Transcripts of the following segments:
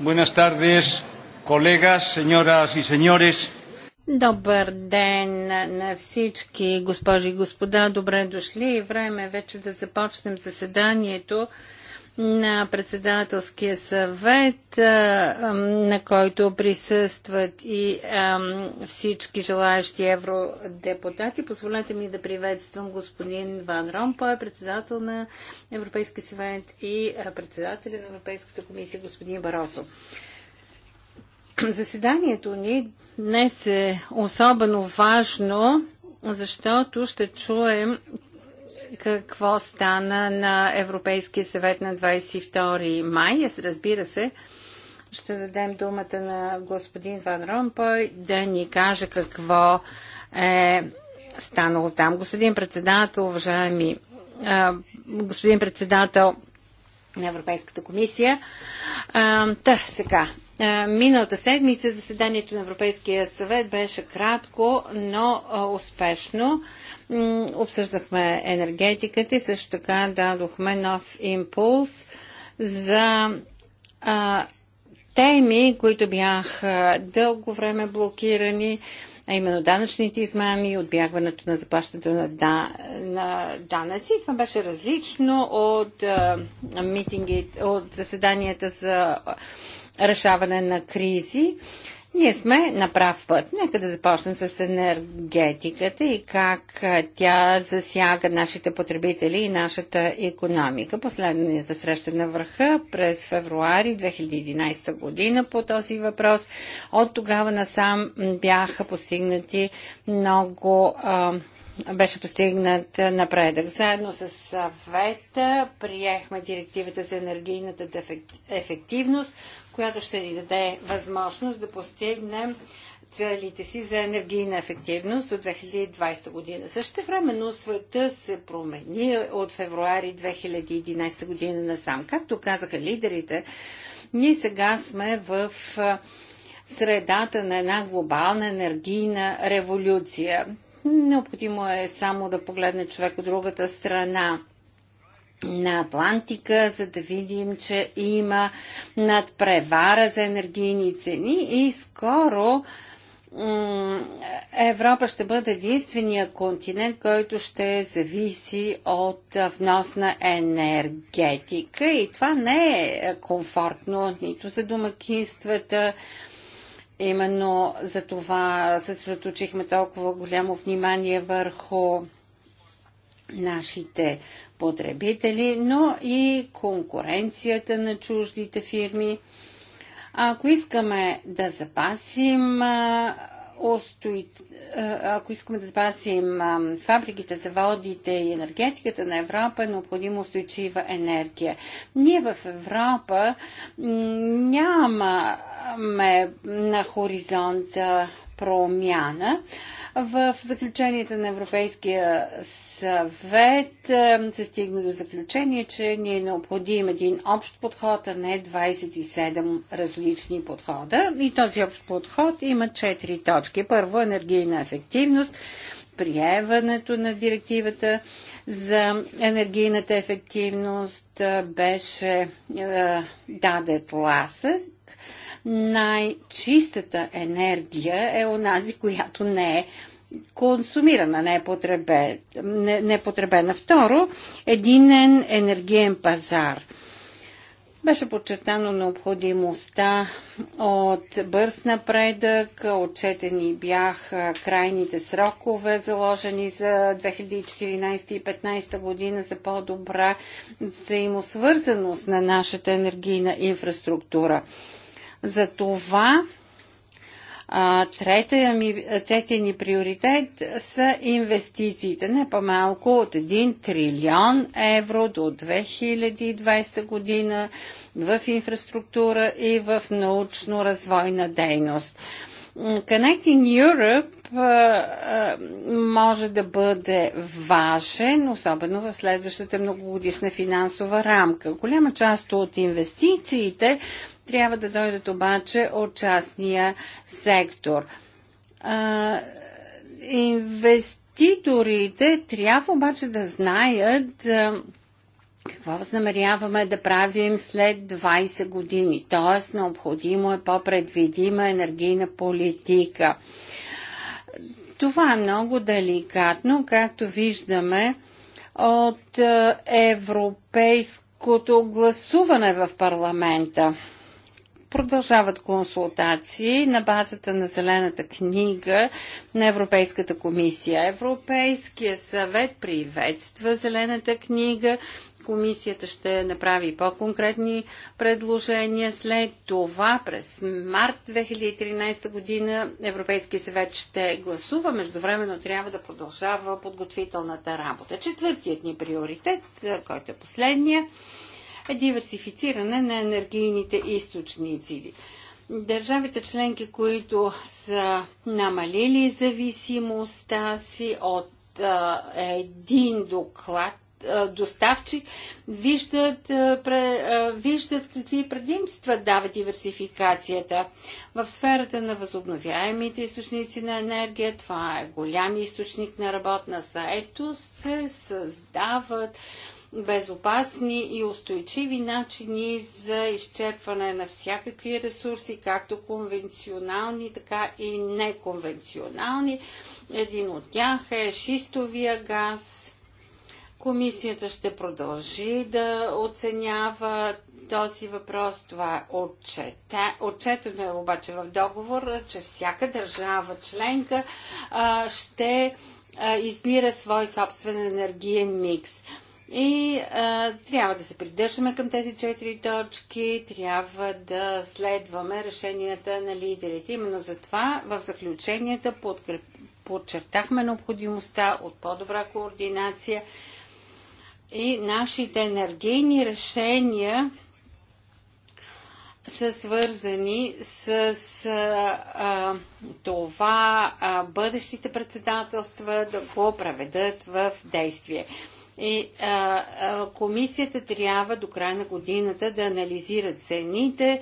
Buenas tardes, colegas, señoras y señores. Добър ден на всички, госпожи и господа. Добре дошли. Време е вече да започнем заседанието на председателския съвет, на който присъстват и всички желаящи евродепутати. Позволете ми да приветствам господин Ван Ромпой, председател на Европейския съвет и председателя на Европейската комисия господин Баросо. Заседанието ни днес е особено важно, защото ще чуем какво стана на Европейския съвет на 22 май. Разбира се, ще дадем думата на господин Ван Ромпой да ни каже какво е станало там. Господин председател, уважаеми господин председател на Европейската комисия. Та, сега. Миналата седмица заседанието на Европейския съвет беше кратко, но успешно. Обсъждахме енергетиката и също така дадохме нов импулс за а, теми, които бяха дълго време блокирани, а именно данъчните измами, отбягването на заплащането на, да, на данъци. Това беше различно от а, митинги, от заседанията за решаване на кризи. Ние сме на прав път. Нека да започнем с енергетиката и как тя засяга нашите потребители и нашата економика. Последната среща на върха през февруари 2011 година по този въпрос. От тогава насам бяха постигнати много беше постигнат напредък. Заедно с съвета приехме директивата за енергийната ефективност, която ще ни даде възможност да постигнем целите си за енергийна ефективност до 2020 година. Също времено света се промени от февруари 2011 година насам. Както казаха лидерите, ние сега сме в средата на една глобална енергийна революция. Необходимо е само да погледне човек от другата страна на Атлантика, за да видим, че има надпревара за енергийни цени и скоро Европа ще бъде единствения континент, който ще зависи от внос на енергетика и това не е комфортно нито за домакинствата, Именно за това съсредоточихме толкова голямо внимание върху нашите потребители, но и конкуренцията на чуждите фирми. Ако искаме да запасим ако искаме да запасим фабриките, заводите и енергетиката на Европа, е необходимо устойчива енергия. Ние в Европа нямаме на хоризонта промяна. В заключенията на Европейския съвет е, се стигна до заключение, че ни е необходим един общ подход, а не 27 различни подхода. И този общ подход има 4 точки. Първо, енергийна ефективност, приемането на директивата за енергийната ефективност е, беше даден даде тласък най-чистата енергия е онази, която не е консумирана, не е, потребе, не, не е потребена. Второ, единен енергиен пазар. Беше подчертано необходимостта от бърз напредък, отчетени бяха крайните срокове, заложени за 2014 и 2015 година за по-добра взаимосвързаност на нашата енергийна инфраструктура. За това третия, ми, третия ни приоритет са инвестициите. Не по-малко от 1 трилион евро до 2020 година в инфраструктура и в научно-развойна дейност. Connecting Europe може да бъде важен, особено в следващата многогодишна финансова рамка. Голяма част от инвестициите трябва да дойдат обаче от частния сектор. А, инвеститорите трябва обаче да знаят а, какво възнамеряваме да правим след 20 години. Тоест, необходимо е по-предвидима енергийна политика. Това е много деликатно, както виждаме от европейското гласуване в парламента. Продължават консултации на базата на Зелената книга на Европейската комисия. Европейския съвет приветства Зелената книга. Комисията ще направи по-конкретни предложения. След това през март 2013 година Европейския съвет ще гласува. Междувременно трябва да продължава подготвителната работа. Четвъртият ни приоритет, който е последния, е диверсифициране на енергийните източници. Държавите членки, които са намалили зависимостта си от а, един доклад, доставчик, виждат, виждат какви предимства дава диверсификацията. В сферата на възобновяемите източници на енергия, това е голям източник на работна заетост, се създават безопасни и устойчиви начини за изчерпване на всякакви ресурси, както конвенционални, така и неконвенционални. Един от тях е шистовия газ. Комисията ще продължи да оценява този въпрос. Това е отчета. отчетено е обаче в договор, че всяка държава членка ще избира свой собствен енергиен микс. И а, трябва да се придържаме към тези четири точки, трябва да следваме решенията на лидерите. Именно затова в заключенията подкреп... подчертахме необходимостта от по-добра координация и нашите енергийни решения са свързани с а, това а, бъдещите председателства да го преведат в действие. И а, а, комисията трябва до края на годината да анализира цените,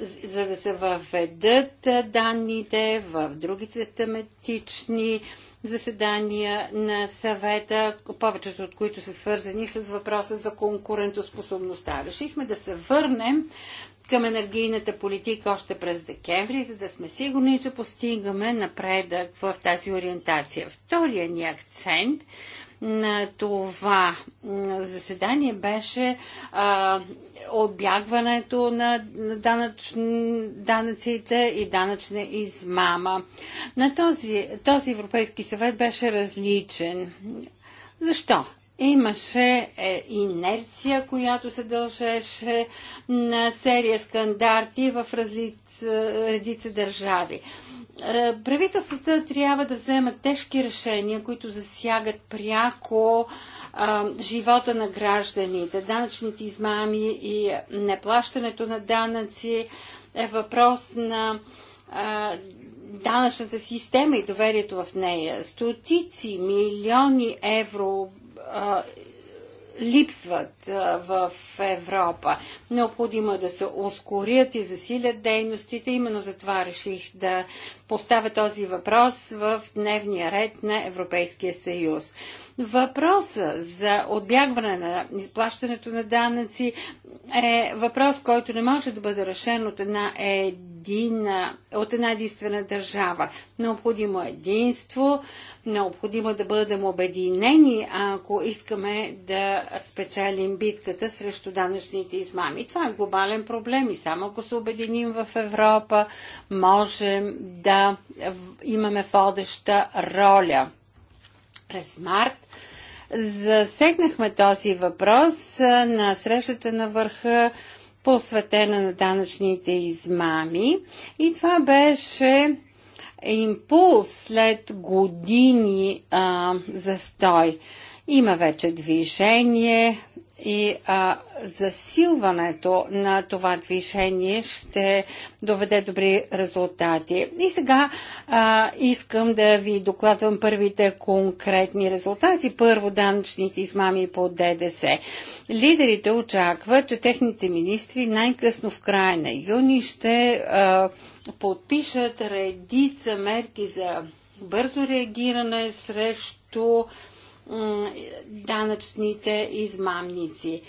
за да се въведат данните в другите тематични заседания на съвета, повечето от които са свързани с въпроса за конкурентоспособността. Решихме да се върнем към енергийната политика още през декември, за да сме сигурни, че постигаме напредък в тази ориентация. Втория ни акцент на това заседание беше а, отбягването на данъч, данъците и данъчна измама. На този, този Европейски съвет беше различен. Защо? Имаше е, инерция, която се дължеше на серия скандарти в разли... редица държави. Е, правителствата трябва да вземат тежки решения, които засягат пряко а, живота на гражданите. Данъчните измами и неплащането на данъци е въпрос на а, данъчната система и доверието в нея. Стотици милиони евро а, липсват в Европа. Необходимо е да се ускорят и засилят дейностите. Именно затова реших да поставя този въпрос в дневния ред на Европейския съюз. Въпроса за отбягване на изплащането на данъци е въпрос, който не може да бъде решен от една едина, от една единствена държава. Необходимо е единство, необходимо е да бъдем обединени, ако искаме да спечелим битката срещу данъчните измами. Това е глобален проблем и само ако се обединим в Европа, можем да имаме водеща роля. През март Засегнахме този въпрос на срещата на върха посветена на данъчните измами и това беше импулс след години а, застой. Има вече движение, и а, засилването на това движение ще доведе добри резултати. И сега а, искам да ви докладвам първите конкретни резултати. Първо данъчните измами по ДДС. Лидерите очакват, че техните министри най-късно в края на юни ще а, подпишат редица мерки за бързо реагиране срещу данъчните измамници.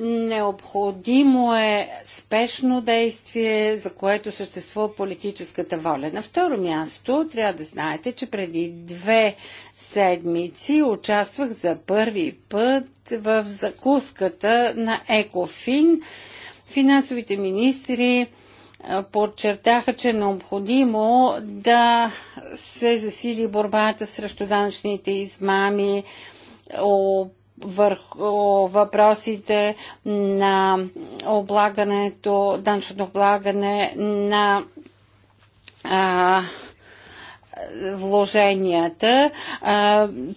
Необходимо е спешно действие, за което съществува политическата воля. На второ място, трябва да знаете, че преди две седмици участвах за първи път в закуската на Екофин. Финансовите министри подчертаха, че е необходимо да се засили борбата срещу данъчните измами, върху въпросите на облагането, данъчното облагане на а, вложенията.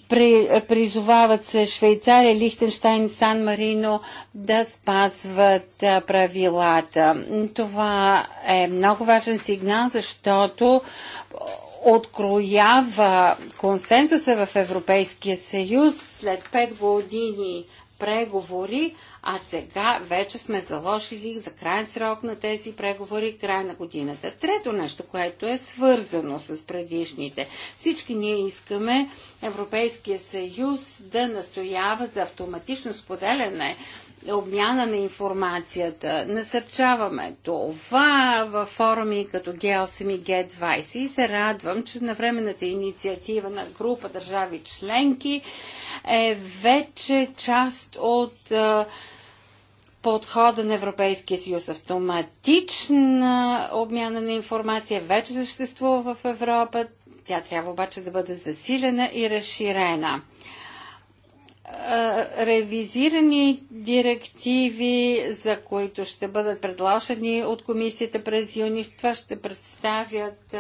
при, призовават се Швейцария, Лихтенштайн, Сан Марино да спазват правилата. Това е много важен сигнал, защото откроява консенсуса в Европейския съюз след 5 години преговори, а сега вече сме заложили за крайен срок на тези преговори, край на годината. Трето нещо, което е свързано с предишните. Всички ние искаме Европейския съюз да настоява за автоматично споделяне обмяна на информацията, насърчаваме това в форуми като G8 и G20 и се радвам, че на временната инициатива на група държави членки е вече част от подхода на Европейския съюз. Автоматична обмяна на информация вече съществува в Европа. Тя трябва обаче да бъде засилена и разширена. Ревизирани директиви, за които ще бъдат предложени от комисията през юни, това ще представят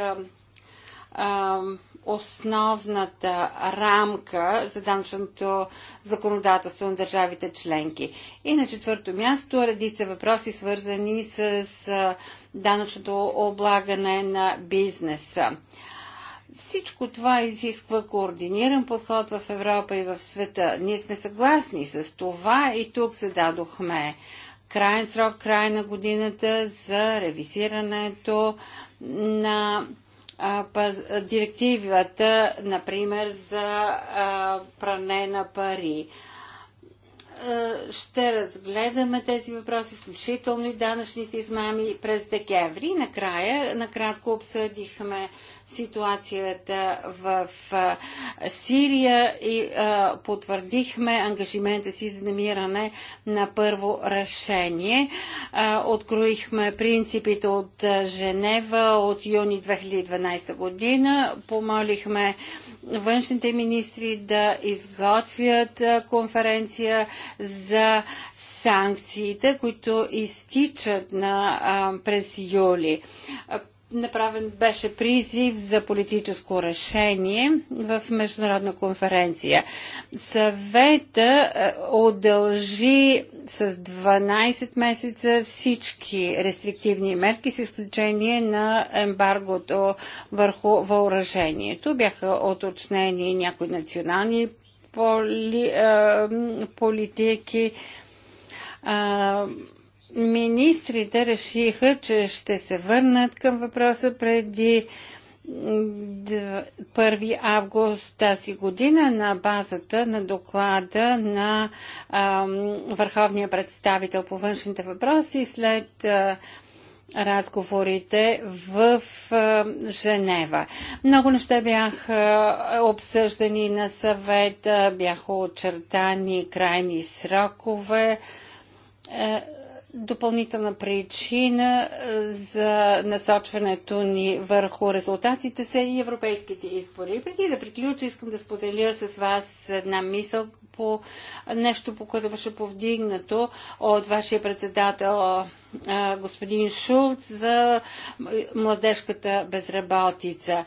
основната рамка за данъчното законодателство на държавите членки. И на четвърто място редица въпроси, свързани с данъчното облагане на бизнеса. Всичко това изисква координиран подход в Европа и в света. Ние сме съгласни с това и тук зададохме крайен срок, край на годината за ревизирането на директивата, например, за пране на пари. Ще разгледаме тези въпроси, включително и данъчните измами през декември. Накрая, накратко обсъдихме ситуацията в Сирия и потвърдихме ангажимента си за намиране на първо решение. откроихме принципите от Женева от юни 2012 година. Помолихме външните министри да изготвят конференция за санкциите, които изтичат на, а, през юли направен беше призив за политическо решение в международна конференция. Съвета е, удължи с 12 месеца всички рестриктивни мерки, с изключение на ембаргото върху въоръжението. Бяха оточнени някои национални поли, е, политики. Е, Министрите решиха, че ще се върнат към въпроса преди 1 август тази година на базата на доклада на а, върховния представител по външните въпроси след а, разговорите в а, Женева. Много неща бяха обсъждани на съвета, бяха очертани крайни срокове допълнителна причина е, за насочването ни върху резултатите са и европейските избори. И преди да приключа, искам да споделя с вас една мисъл по нещо, по което беше повдигнато от вашия председател е, господин Шулц за младежката безработица.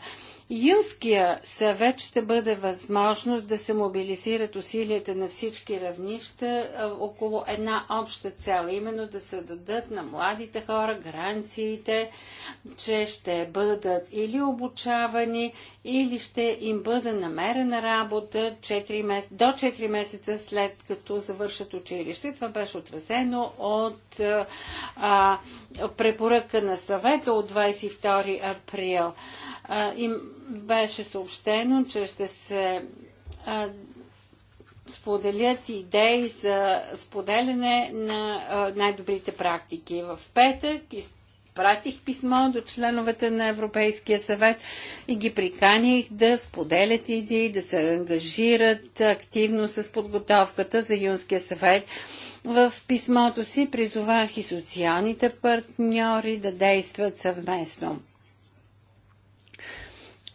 Юлския съвет ще бъде възможност да се мобилизират усилията на всички равнища около една обща цел, именно да се дадат на младите хора гаранциите, че ще бъдат или обучавани, или ще им бъде намерена работа 4 мес... до 4 месеца след като завършат училище. Това беше отразено от а, препоръка на съвета от 22 април им беше съобщено, че ще се споделят идеи за споделяне на най-добрите практики. В петък изпратих писмо до членовете на Европейския съвет и ги приканих да споделят идеи, да се ангажират активно с подготовката за Юнския съвет. В писмото си призовах и социалните партньори да действат съвместно.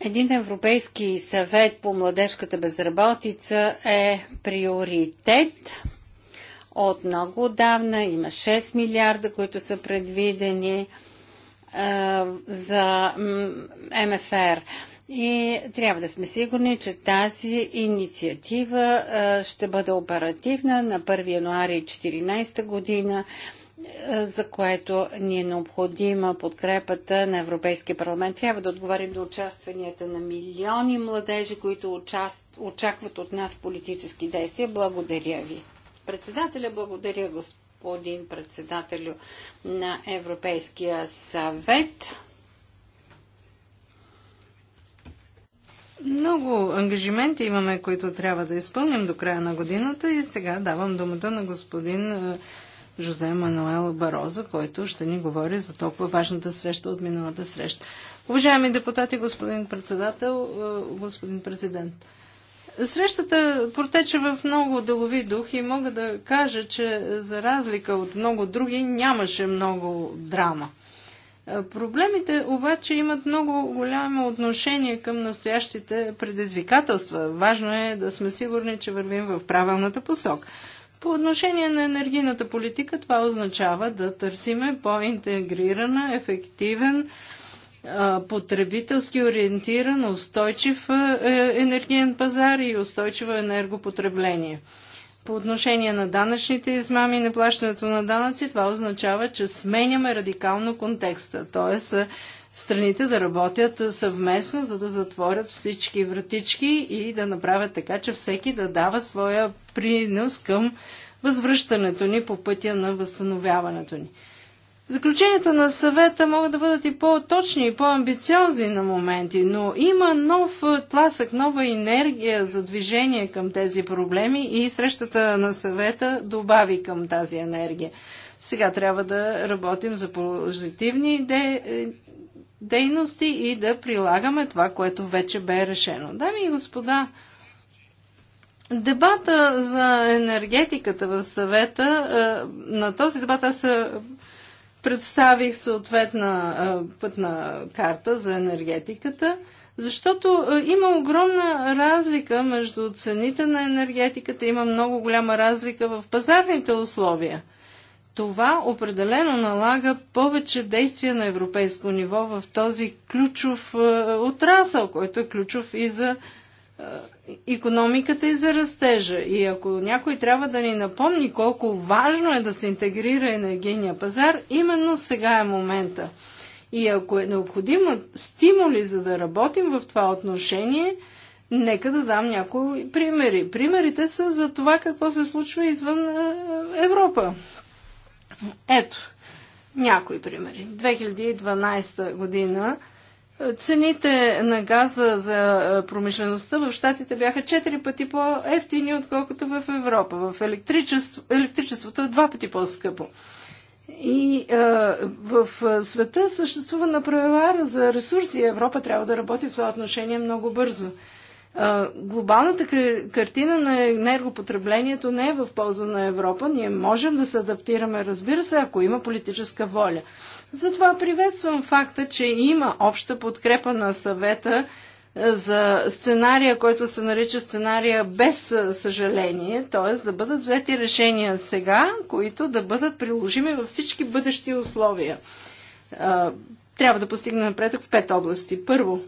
Един Европейски съвет по младежката безработица е приоритет. От много отдавна има 6 милиарда, които са предвидени е, за МФР. И трябва да сме сигурни, че тази инициатива е, ще бъде оперативна на 1 януари 2014 година за което ни е необходима подкрепата на Европейския парламент. Трябва да отговорим до участванията на милиони младежи, които участ... очакват от нас политически действия. Благодаря ви. Председателя, благодаря господин председателю на Европейския съвет. Много ангажименти имаме, които трябва да изпълним до края на годината и сега давам думата на господин Жозе Мануел Бароза, който ще ни говори за толкова важната среща от миналата среща. Уважаеми депутати, господин председател, е, господин президент, Срещата протече в много делови дух и мога да кажа, че за разлика от много други нямаше много драма. Е, проблемите обаче имат много голямо отношение към настоящите предизвикателства. Важно е да сме сигурни, че вървим в правилната посока. По отношение на енергийната политика, това означава да търсиме по-интегрирана, ефективен, потребителски ориентиран, устойчив е, енергиен пазар и устойчиво енергопотребление. По отношение на данъчните измами и неплащането на данъци, това означава, че сменяме радикално контекста, т.е страните да работят съвместно, за да затворят всички вратички и да направят така, че всеки да дава своя принос към възвръщането ни по пътя на възстановяването ни. Заключенията на съвета могат да бъдат и по-точни и по-амбициозни на моменти, но има нов тласък, нова енергия за движение към тези проблеми и срещата на съвета добави към тази енергия. Сега трябва да работим за позитивни дейности и да прилагаме това, което вече бе решено. Дами и господа, дебата за енергетиката в съвета, е, на този дебат аз представих съответна е, пътна карта за енергетиката, защото е, има огромна разлика между цените на енергетиката, има много голяма разлика в пазарните условия – това определено налага повече действия на европейско ниво в този ключов е, отрасъл, който е ключов и за економиката и за растежа. И ако някой трябва да ни напомни колко важно е да се интегрира енергийния пазар, именно сега е момента. И ако е необходимо стимули за да работим в това отношение, Нека да дам някои примери. Примерите са за това какво се случва извън е, Европа. Ето, някои примери. 2012 година е, цените на газа за е, промишлеността в Штатите бяха 4 пъти по-ефтини, отколкото в Европа. В електричество, електричеството е два пъти по-скъпо. И а, е, в света съществува направара за ресурси. Европа трябва да работи в това отношение много бързо глобалната картина на енергопотреблението не е в полза на Европа. Ние можем да се адаптираме, разбира се, ако има политическа воля. Затова приветствам факта, че има обща подкрепа на съвета за сценария, който се нарича сценария без съжаление, т.е. да бъдат взети решения сега, които да бъдат приложими във всички бъдещи условия. Трябва да постигнем напредък в пет области. Първо,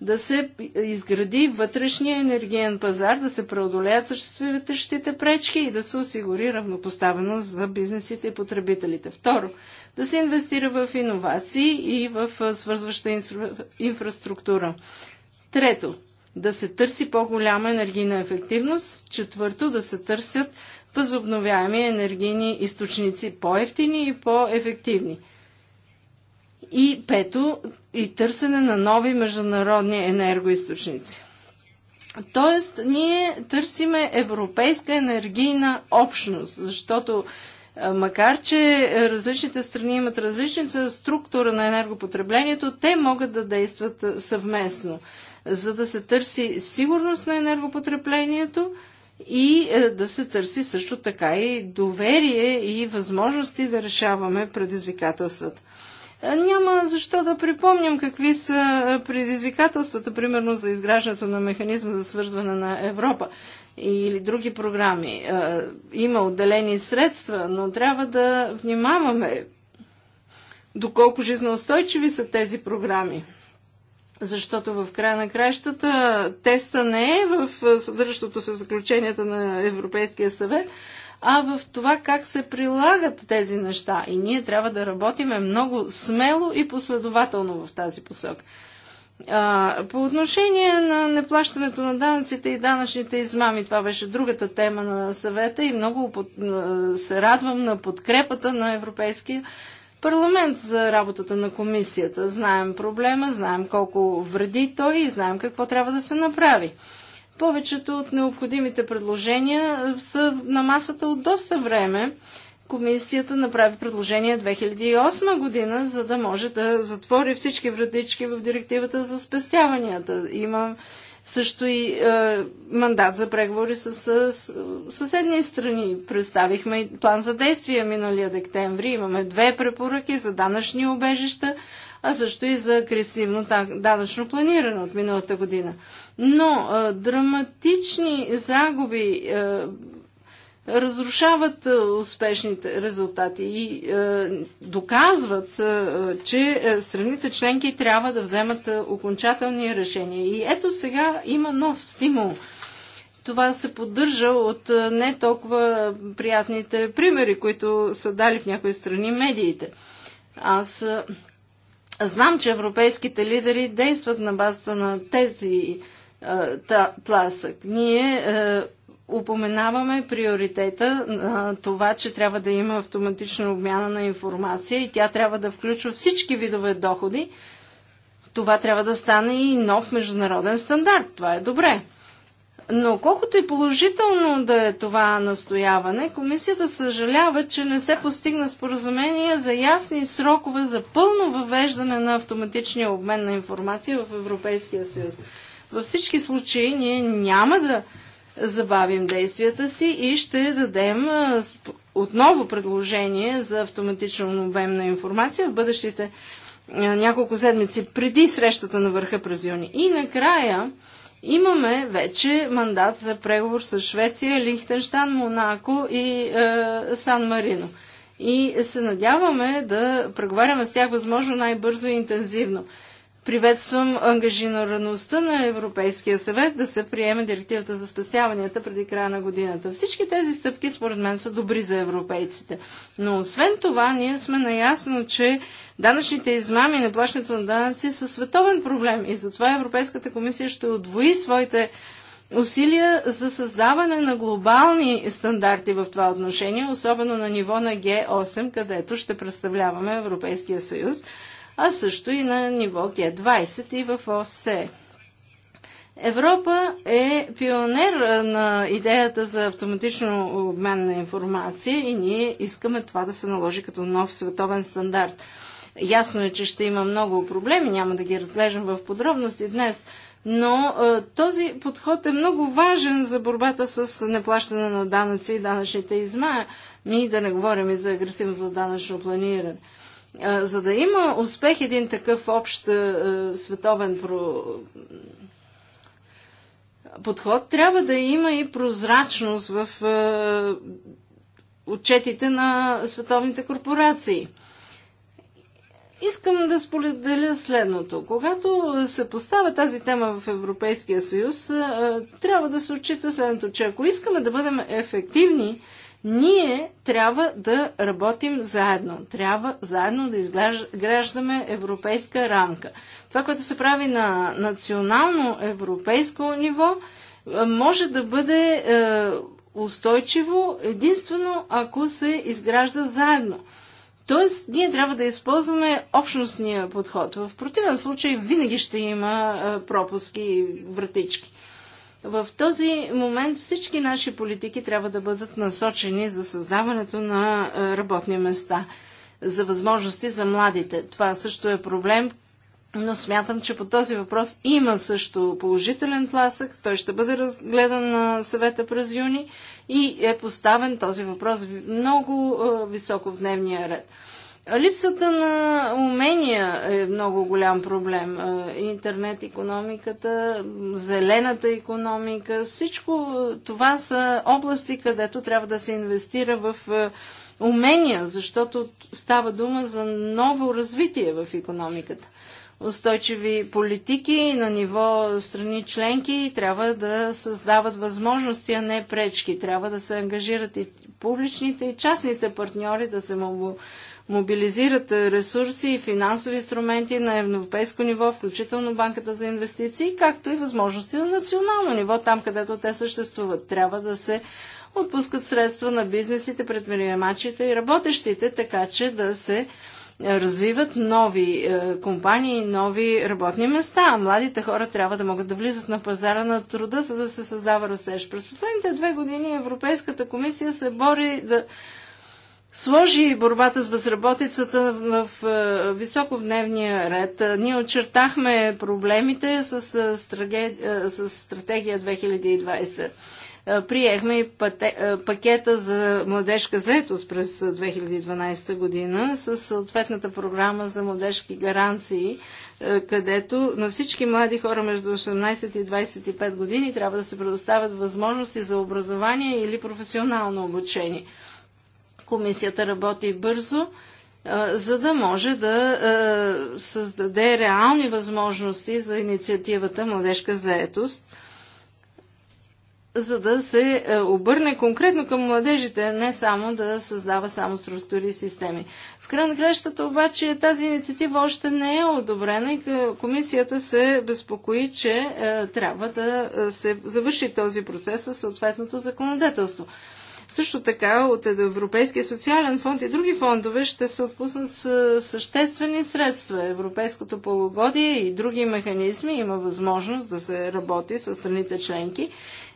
да се изгради вътрешния енергиен пазар, да се преодолеят съществуващите пречки и да се осигури равнопоставеност за бизнесите и потребителите. Второ, да се инвестира в иновации и в свързваща инфра... инфраструктура. Трето, да се търси по-голяма енергийна ефективност. Четвърто, да се търсят възобновяеми енергийни източници по-ефтини и по-ефективни. И пето, и търсене на нови международни енергоисточници. Тоест, ние търсиме европейска енергийна общност, защото макар че различните страни имат различна структура на енергопотреблението, те могат да действат съвместно, за да се търси сигурност на енергопотреблението и да се търси също така и доверие и възможности да решаваме предизвикателствата. Няма защо да припомням какви са предизвикателствата, примерно за изграждането на механизма за свързване на Европа или други програми. Е, има отделени средства, но трябва да внимаваме доколко жизнеустойчиви са тези програми. Защото в края на кращата теста не е в е, съдържащото се в заключенията на Европейския съвет, а в това как се прилагат тези неща. И ние трябва да работиме много смело и последователно в тази посока. По отношение на неплащането на данъците и данъчните измами, това беше другата тема на съвета и много се радвам на подкрепата на Европейския парламент за работата на комисията. Знаем проблема, знаем колко вреди той и знаем какво трябва да се направи. Повечето от необходимите предложения са на масата от доста време. Комисията направи предложение 2008 година, за да може да затвори всички вратички в директивата за спестяванията. Има също и е, мандат за преговори с, с, с съседни страни. Представихме и план за действие миналия декември. Имаме две препоръки за данъчни обежища, а също и за агресивно данъчно планиране от миналата година. Но а, драматични загуби а, разрушават успешните резултати и а, доказват, а, че страните членки трябва да вземат окончателни решения. И ето сега има нов стимул. Това се поддържа от не толкова приятните примери, които са дали в някои страни медиите. Аз Знам, че европейските лидери действат на базата на тези тласък. Ние упоменаваме приоритета на това, че трябва да има автоматична обмяна на информация и тя трябва да включва всички видове доходи. Това трябва да стане и нов международен стандарт. Това е добре. Но колкото и положително да е това настояване, комисията съжалява, че не се постигна споразумение за ясни срокове за пълно въвеждане на автоматичния обмен на информация в Европейския съюз. Във всички случаи ние няма да забавим действията си и ще дадем отново предложение за автоматичен обем на информация в бъдещите няколко седмици преди срещата на върха през юни. И накрая, Имаме вече мандат за преговор с Швеция, Лихтенштан, Монако и е, Сан Марино. И се надяваме да преговаряме с тях възможно най-бързо и интензивно. Приветствам ангажираността на Европейския съвет да се приеме директивата за спестяванията преди края на годината. Всички тези стъпки, според мен, са добри за европейците. Но освен това, ние сме наясно, че данъчните измами и неплащането на данъци са световен проблем. И затова Европейската комисия ще отвои своите усилия за създаване на глобални стандарти в това отношение, особено на ниво на Г8, където ще представляваме Европейския съюз а също и на ниво Г20 и в ОСЕ. Европа е пионер на идеята за автоматично обмен на информация и ние искаме това да се наложи като нов световен стандарт. Ясно е, че ще има много проблеми, няма да ги разглеждам в подробности днес, но е, този подход е много важен за борбата с неплащане на данъци и данъчните измами, да не говорим и за агресивното данъчно планиране. За да има успех един такъв общ световен подход, трябва да има и прозрачност в отчетите на световните корпорации. Искам да споделя следното. Когато се поставя тази тема в Европейския съюз, трябва да се отчита следното, че ако искаме да бъдем ефективни ние трябва да работим заедно. Трябва заедно да изграждаме европейска рамка. Това, което се прави на национално европейско ниво, е, може да бъде е, устойчиво единствено ако се изгражда заедно. Тоест, ние трябва да използваме общностния подход. В противен случай винаги ще има е, пропуски и вратички. В този момент всички наши политики трябва да бъдат насочени за създаването на е, работни места, за възможности за младите. Това също е проблем, но смятам, че по този въпрос има също положителен тласък. Той ще бъде разгледан на съвета през юни и е поставен този въпрос много е, високо в дневния ред. Липсата на умения е много голям проблем. Е, интернет економиката, зелената економика, всичко това са области, където трябва да се инвестира в е, умения, защото става дума за ново развитие в економиката. Устойчиви политики на ниво страни членки трябва да създават възможности, а не пречки. Трябва да се ангажират и публичните, и частните партньори да се могат мобилизират ресурси и финансови инструменти на европейско ниво, включително банката за инвестиции, както и възможности на национално ниво, там където те съществуват. Трябва да се отпускат средства на бизнесите, предприемачите и работещите, така че да се развиват нови е, компании, нови работни места. Младите хора трябва да могат да влизат на пазара на труда, за да се създава растеж. През последните две години Европейската комисия се бори да сложи борбата с безработицата в, в, в е, високо в дневния ред. Е, ние очертахме проблемите с, е, с стратегия 2020. Приехме и пакета за младежка заетост през 2012 година с съответната програма за младежки гаранции, където на всички млади хора между 18 и 25 години трябва да се предоставят възможности за образование или професионално обучение. Комисията работи бързо, за да може да създаде реални възможности за инициативата Младежка заетост, за да се обърне конкретно към младежите, не само да създава само структури и системи. В край на кращата обаче тази инициатива още не е одобрена и комисията се безпокои, че трябва да се завърши този процес със съответното законодателство. Също така от Европейския социален фонд и други фондове ще се отпуснат съществени средства. Европейското полугодие и други механизми има възможност да се работи с страните членки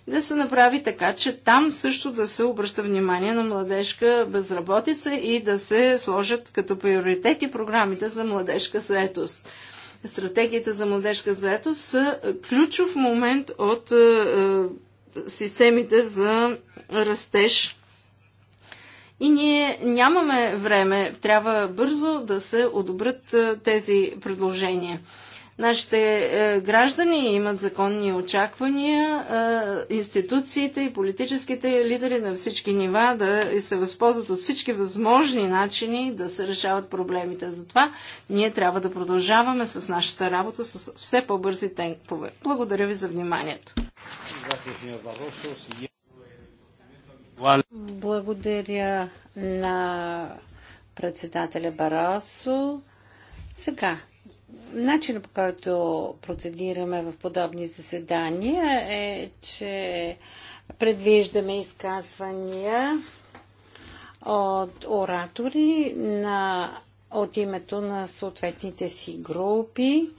да се направи така, че там също да се обръща внимание на младежка безработица и да се сложат като приоритети програмите за младежка заетост. Стратегията за младежка заетост са ключов момент от е, е, системите за растеж. И ние нямаме време, трябва бързо да се одобрят е, тези предложения. Нашите е, граждани имат законни очаквания, е, институциите и политическите лидери на всички нива да се възползват от всички възможни начини да се решават проблемите. Затова ние трябва да продължаваме с нашата работа с все по-бързи темпове. Благодаря ви за вниманието. Благодаря на председателя Баросо. Сега, начинът по който процедираме в подобни заседания е, че предвиждаме изказвания от оратори на, от името на съответните си групи.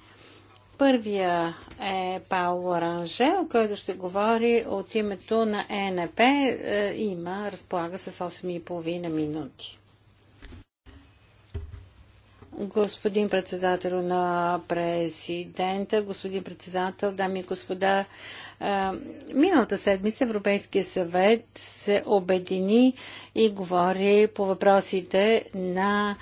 Първия е Пауло Ранжел, който ще говори от името на ЕНП. Е, има, разполага с 8,5 минути. Господин председател на президента, господин председател, дами и господа, е, миналата седмица Европейския съвет се обедини и говори по въпросите на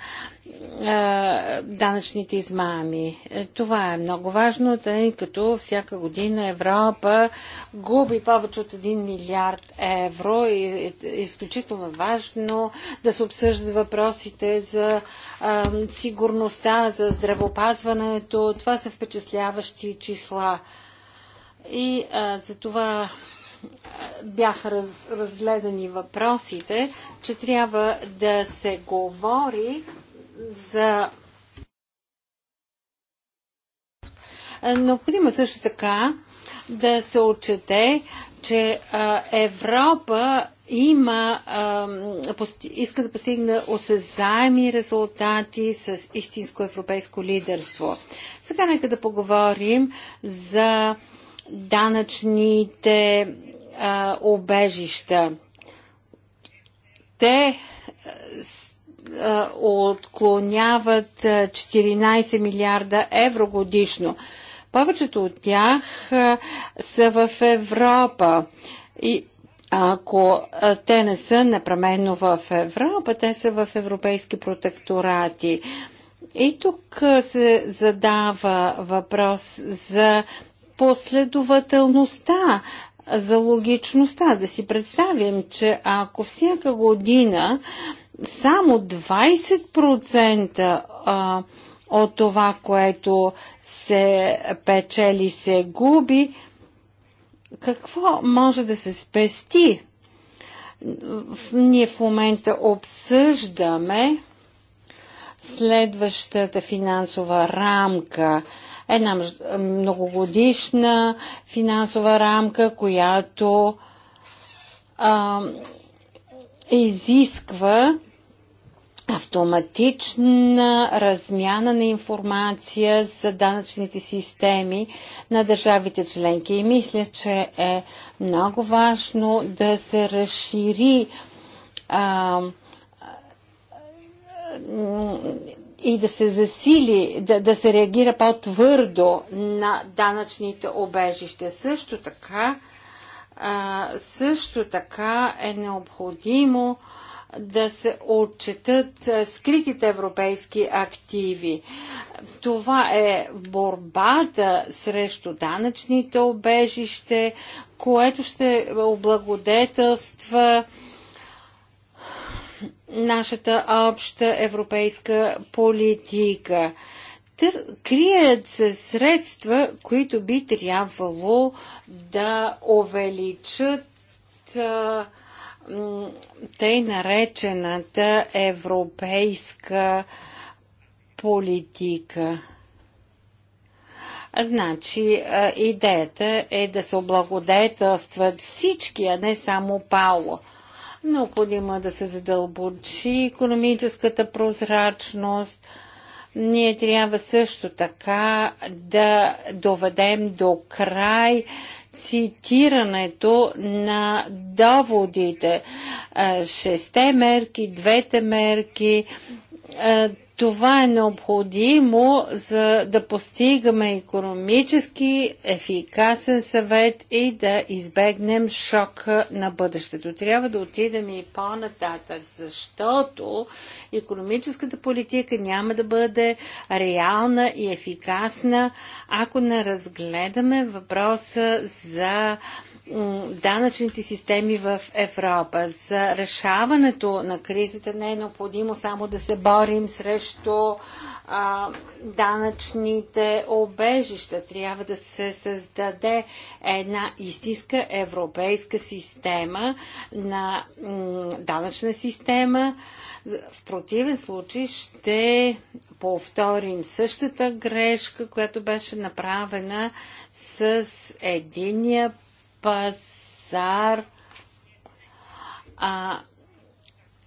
данъчните измами. Е, това е много важно, тъй като всяка година Европа губи повече от 1 милиард евро и е изключително важно да се обсъждат въпросите за а, сигурността, за здравеопазването. Това са впечатляващи числа. И а, за това бяха раз, разгледани въпросите, че трябва да се говори за Необходимо е също така да се отчете, че Европа има, иска да постигне осезаеми резултати с истинско европейско лидерство. Сега нека да поговорим за данъчните обежища. Те отклоняват 14 милиарда евро годишно. Повечето от тях са в Европа. И ако те не са непременно в Европа, те са в европейски протекторати. И тук се задава въпрос за последователността, за логичността. Да си представим, че ако всяка година само 20% от това, което се печели, се губи. Какво може да се спести? Ние в момента обсъждаме следващата финансова рамка една многогодишна финансова рамка, която а, изисква автоматична размяна на информация за данъчните системи на държавите членки. И мисля, че е много важно да се разшири а, и да се засили, да, да се реагира по-твърдо на данъчните обежища. Също така, а, също така е необходимо да се отчетат скритите европейски активи. Това е борбата срещу данъчните обежище, което ще облагодетелства нашата обща европейска политика тър... крият се средства, които би трябвало да увеличат а, тъй наречената европейска политика. Значи, идеята е да се облагодетелстват всички, а не само Пауло. Необходимо е да се задълбочи економическата прозрачност, ние трябва също така да доведем до край цитирането на доводите. Е, шесте мерки, двете мерки, е, това е необходимо, за да постигаме економически ефикасен съвет и да избегнем шока на бъдещето. Трябва да отидем и по-нататък, защото економическата политика няма да бъде реална и ефикасна, ако не разгледаме въпроса за данъчните системи в Европа. За решаването на кризата не е необходимо само да се борим срещу а, данъчните обежища. Трябва да се създаде една истинска европейска система на данъчна система. В противен случай ще повторим същата грешка, която беше направена с единия пазар а,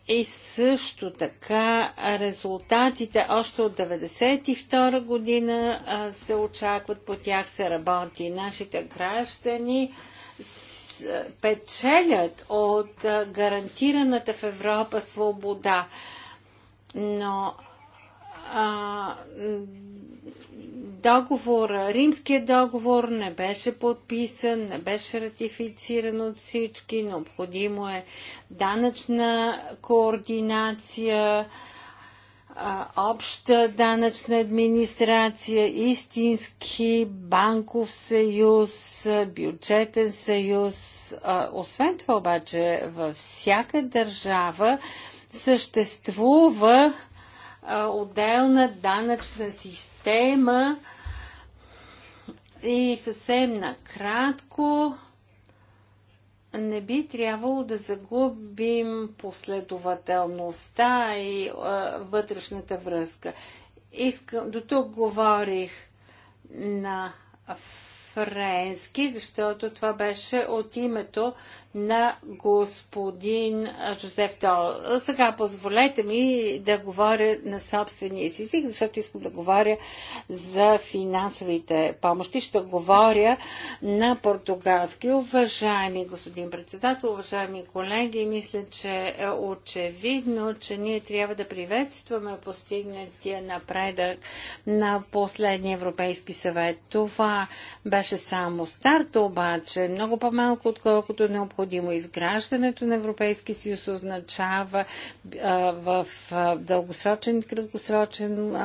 и също така резултатите още от 1992 година а, се очакват, по тях се работи. Нашите граждани с, печелят от а, гарантираната в Европа свобода. Но а, договор, римският договор не беше подписан, не беше ратифициран от всички, необходимо е данъчна координация, обща данъчна администрация, истински банков съюз, бюджетен съюз. Освен това обаче във всяка държава съществува отделна данъчна система и съвсем накратко не би трябвало да загубим последователността и а, вътрешната връзка. Искам, до тук говорих на френски, защото това беше от името на господин Жозеф Тол. Сега позволете ми да говоря на собствения си език, защото искам да говоря за финансовите помощи. Ще говоря на португалски. Уважаеми господин председател, уважаеми колеги, мисля, че е очевидно, че ние трябва да приветстваме постигнатия напредък на последния Европейски съвет. Това беше само старт, обаче много по-малко, отколкото необходимо необходимо. Изграждането на Европейски съюз означава в дългосрочен и краткосрочен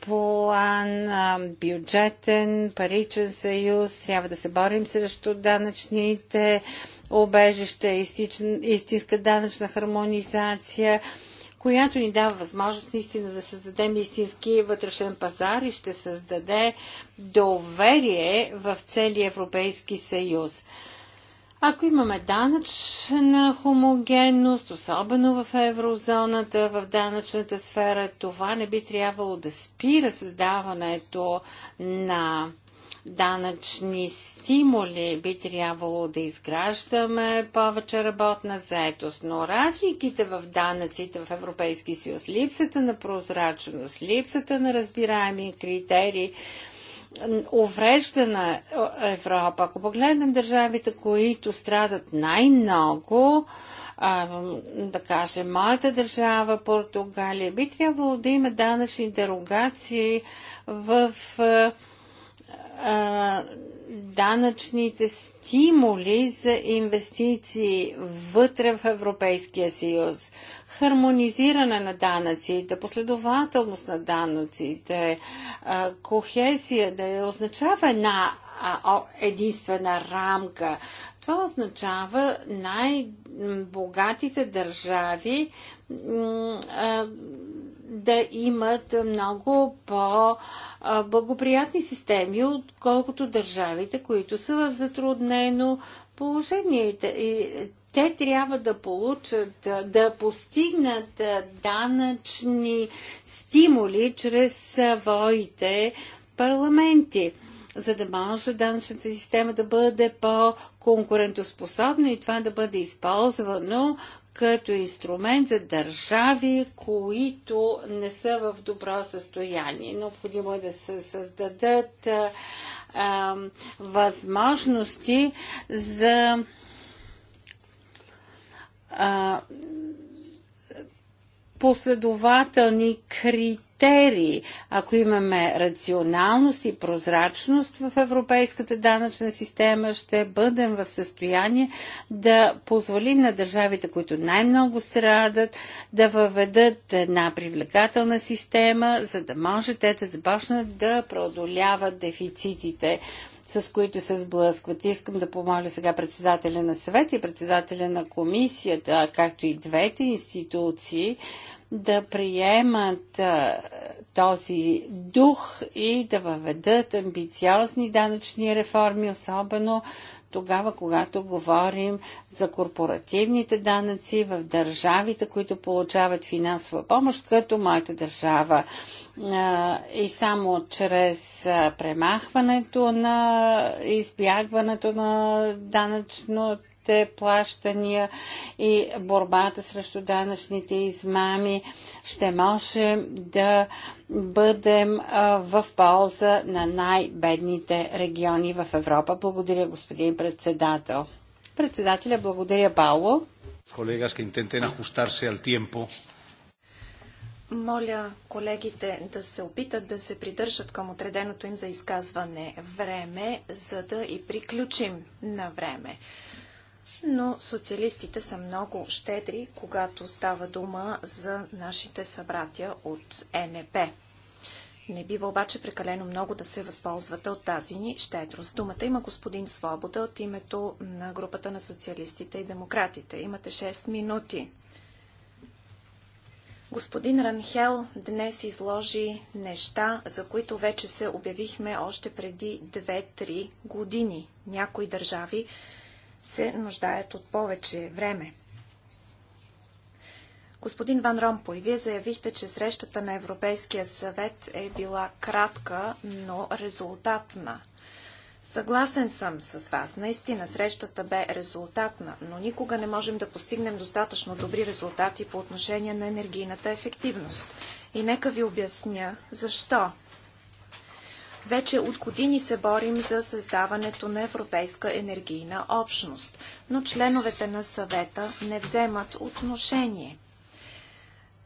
план, бюджетен, паричен съюз, трябва да се борим срещу данъчните обежища, истинска данъчна хармонизация, която ни дава възможност наистина да създадем истински вътрешен пазар и ще създаде доверие в целия Европейски съюз. Ако имаме данъчна хомогенност, особено в еврозоната, в данъчната сфера, това не би трябвало да спира създаването на данъчни стимули би трябвало да изграждаме повече работна заетост, но разликите в данъците в Европейски съюз, липсата на прозрачност, липсата на разбираеми критерии увреждана Европа, ако погледнем държавите, които страдат най-много, да кажем, моята държава, Португалия, би трябвало да има данъчни дерогации в данъчните стимули за инвестиции вътре в Европейския съюз, хармонизиране на данъците, последователност на данъците, кохезия. да означава една единствена рамка. Това означава най-богатите държави да имат много по-благоприятни системи, отколкото държавите, които са в затруднено положение. те трябва да получат, да постигнат данъчни стимули чрез своите парламенти за да може данъчната система да бъде по-конкурентоспособна и това да бъде използвано като инструмент за държави, които не са в добро състояние. Необходимо е да се създадат а, а, възможности за а, последователни критики критерии. Ако имаме рационалност и прозрачност в европейската данъчна система, ще бъдем в състояние да позволим на държавите, които най-много страдат, да въведат една привлекателна система, за да може те да започнат да преодоляват дефицитите с които се сблъскват. Искам да помоля сега председателя на съвет и председателя на комисията, както и двете институции, да приемат този дух и да въведат амбициозни данъчни реформи, особено тогава, когато говорим за корпоративните данъци в държавите, които получават финансова помощ, като моята държава. И само чрез премахването на избягването на данъчното преките плащания и борбата срещу данъчните измами, ще можем да бъдем в полза на най-бедните региони в Европа. Благодаря, господин председател. Председателя, благодаря, Пауло. Колегас, que intenten ajustarse ал tiempo. Моля колегите да се опитат да се придържат към отреденото им за изказване време, за да и приключим на време но социалистите са много щедри, когато става дума за нашите събратя от НП. Не бива обаче прекалено много да се възползвате от тази ни щедрост. Думата има господин Свобода от името на групата на социалистите и демократите. Имате 6 минути. Господин Ранхел днес изложи неща, за които вече се обявихме още преди 2-3 години. Някои държави се нуждаят от повече време. Господин Ван Ромпой, вие заявихте, че срещата на Европейския съвет е била кратка, но резултатна. Съгласен съм с вас. Наистина срещата бе резултатна, но никога не можем да постигнем достатъчно добри резултати по отношение на енергийната ефективност. И нека ви обясня защо. Вече от години се борим за създаването на Европейска енергийна общност, но членовете на съвета не вземат отношение.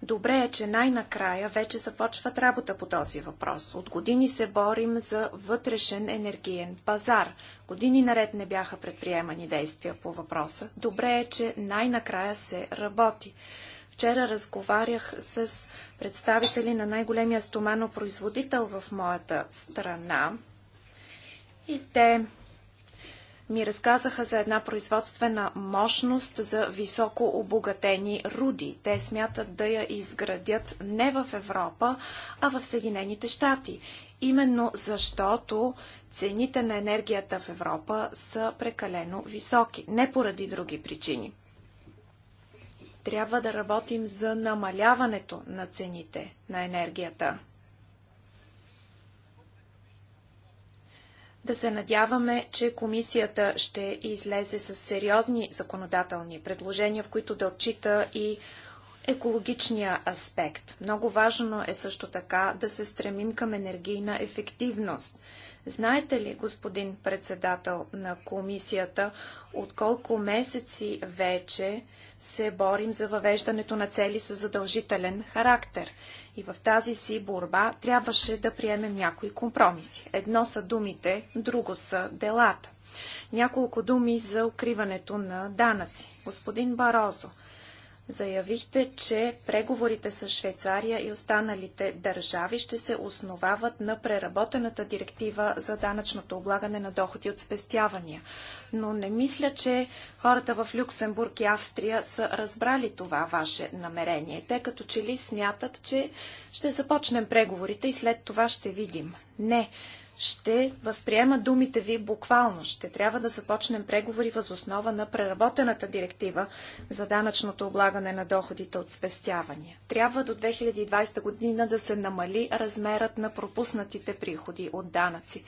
Добре е, че най-накрая вече започват работа по този въпрос. От години се борим за вътрешен енергиен пазар. Години наред не бяха предприемани действия по въпроса. Добре е, че най-накрая се работи. Вчера разговарях с представители на най-големия стоманопроизводител в моята страна и те ми разказаха за една производствена мощност за високо обогатени руди. Те смятат да я изградят не в Европа, а в Съединените щати. Именно защото цените на енергията в Европа са прекалено високи, не поради други причини. Трябва да работим за намаляването на цените на енергията. Да се надяваме, че комисията ще излезе с сериозни законодателни предложения, в които да отчита и екологичния аспект. Много важно е също така да се стремим към енергийна ефективност. Знаете ли, господин председател на комисията, отколко месеци вече се борим за въвеждането на цели с задължителен характер. И в тази си борба трябваше да приемем някои компромиси. Едно са думите, друго са делата. Няколко думи за укриването на данъци. Господин Барозо, Заявихте, че преговорите с Швейцария и останалите държави ще се основават на преработената директива за данъчното облагане на доходи от спестявания. Но не мисля, че хората в Люксембург и Австрия са разбрали това ваше намерение. Тъй като че ли смятат, че ще започнем преговорите и след това ще видим. Не ще възприема думите ви буквално. Ще трябва да започнем преговори въз основа на преработената директива за данъчното облагане на доходите от спестявания. Трябва до 2020 година да се намали размерът на пропуснатите приходи от данъци.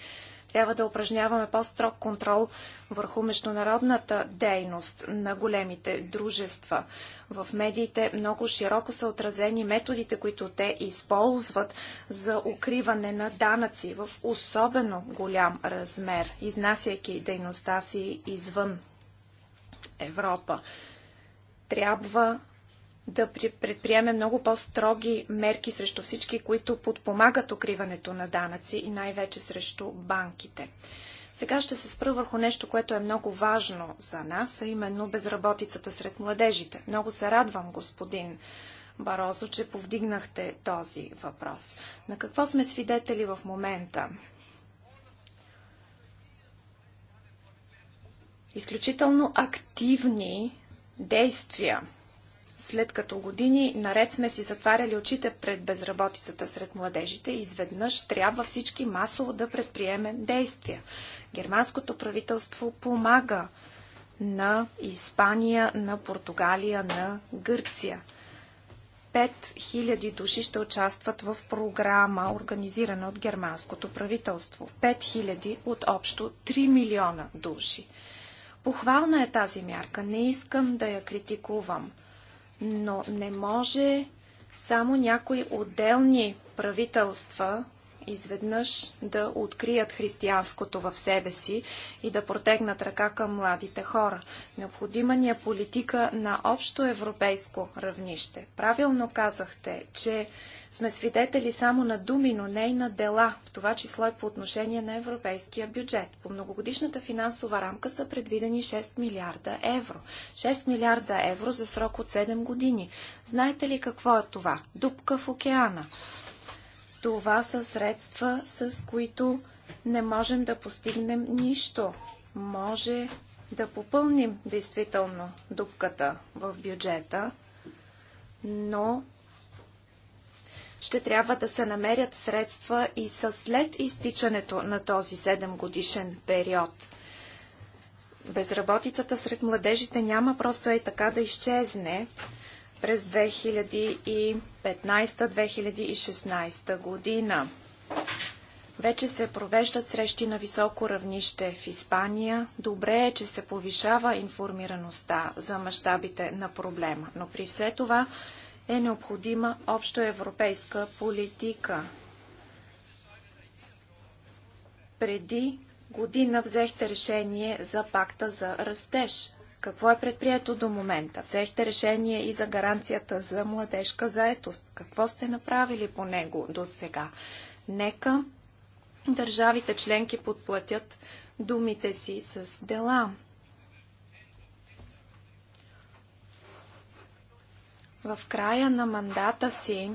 Трябва да упражняваме по-строг контрол върху международната дейност на големите дружества. В медиите много широко са отразени методите, които те използват за укриване на данъци в особено голям размер, изнасяйки дейността си извън Европа. Трябва да предприеме много по-строги мерки срещу всички, които подпомагат укриването на данъци и най-вече срещу банките. Сега ще се спра върху нещо, което е много важно за нас, а именно безработицата сред младежите. Много се радвам, господин Барозо, че повдигнахте този въпрос. На какво сме свидетели в момента? Изключително активни действия след като години наред сме си затваряли очите пред безработицата сред младежите, изведнъж трябва всички масово да предприемем действия. Германското правителство помага на Испания, на Португалия, на Гърция. 5000 души ще участват в програма, организирана от германското правителство. 5000 от общо 3 милиона души. Похвална е тази мярка, не искам да я критикувам – но не може само някои отделни правителства изведнъж да открият християнското в себе си и да протегнат ръка към младите хора. Необходима ни е политика на общо европейско равнище. Правилно казахте, че сме свидетели само на думи, но не и на дела, в това число и по отношение на европейския бюджет. По многогодишната финансова рамка са предвидени 6 милиарда евро. 6 милиарда евро за срок от 7 години. Знаете ли какво е това? Дупка в океана. Това са средства, с които не можем да постигнем нищо. Може да попълним действително дупката в бюджета, но ще трябва да се намерят средства и след изтичането на този 7 годишен период. Безработицата сред младежите няма просто е така да изчезне през 2015-2016 година. Вече се провеждат срещи на високо равнище в Испания. Добре е, че се повишава информираността за мащабите на проблема, но при все това е необходима общоевропейска политика. Преди година взехте решение за пакта за растеж. Какво е предприето до момента? Взехте решение и за гаранцията за младежка заетост. Какво сте направили по него до сега? Нека държавите членки подплатят думите си с дела. В края на мандата си,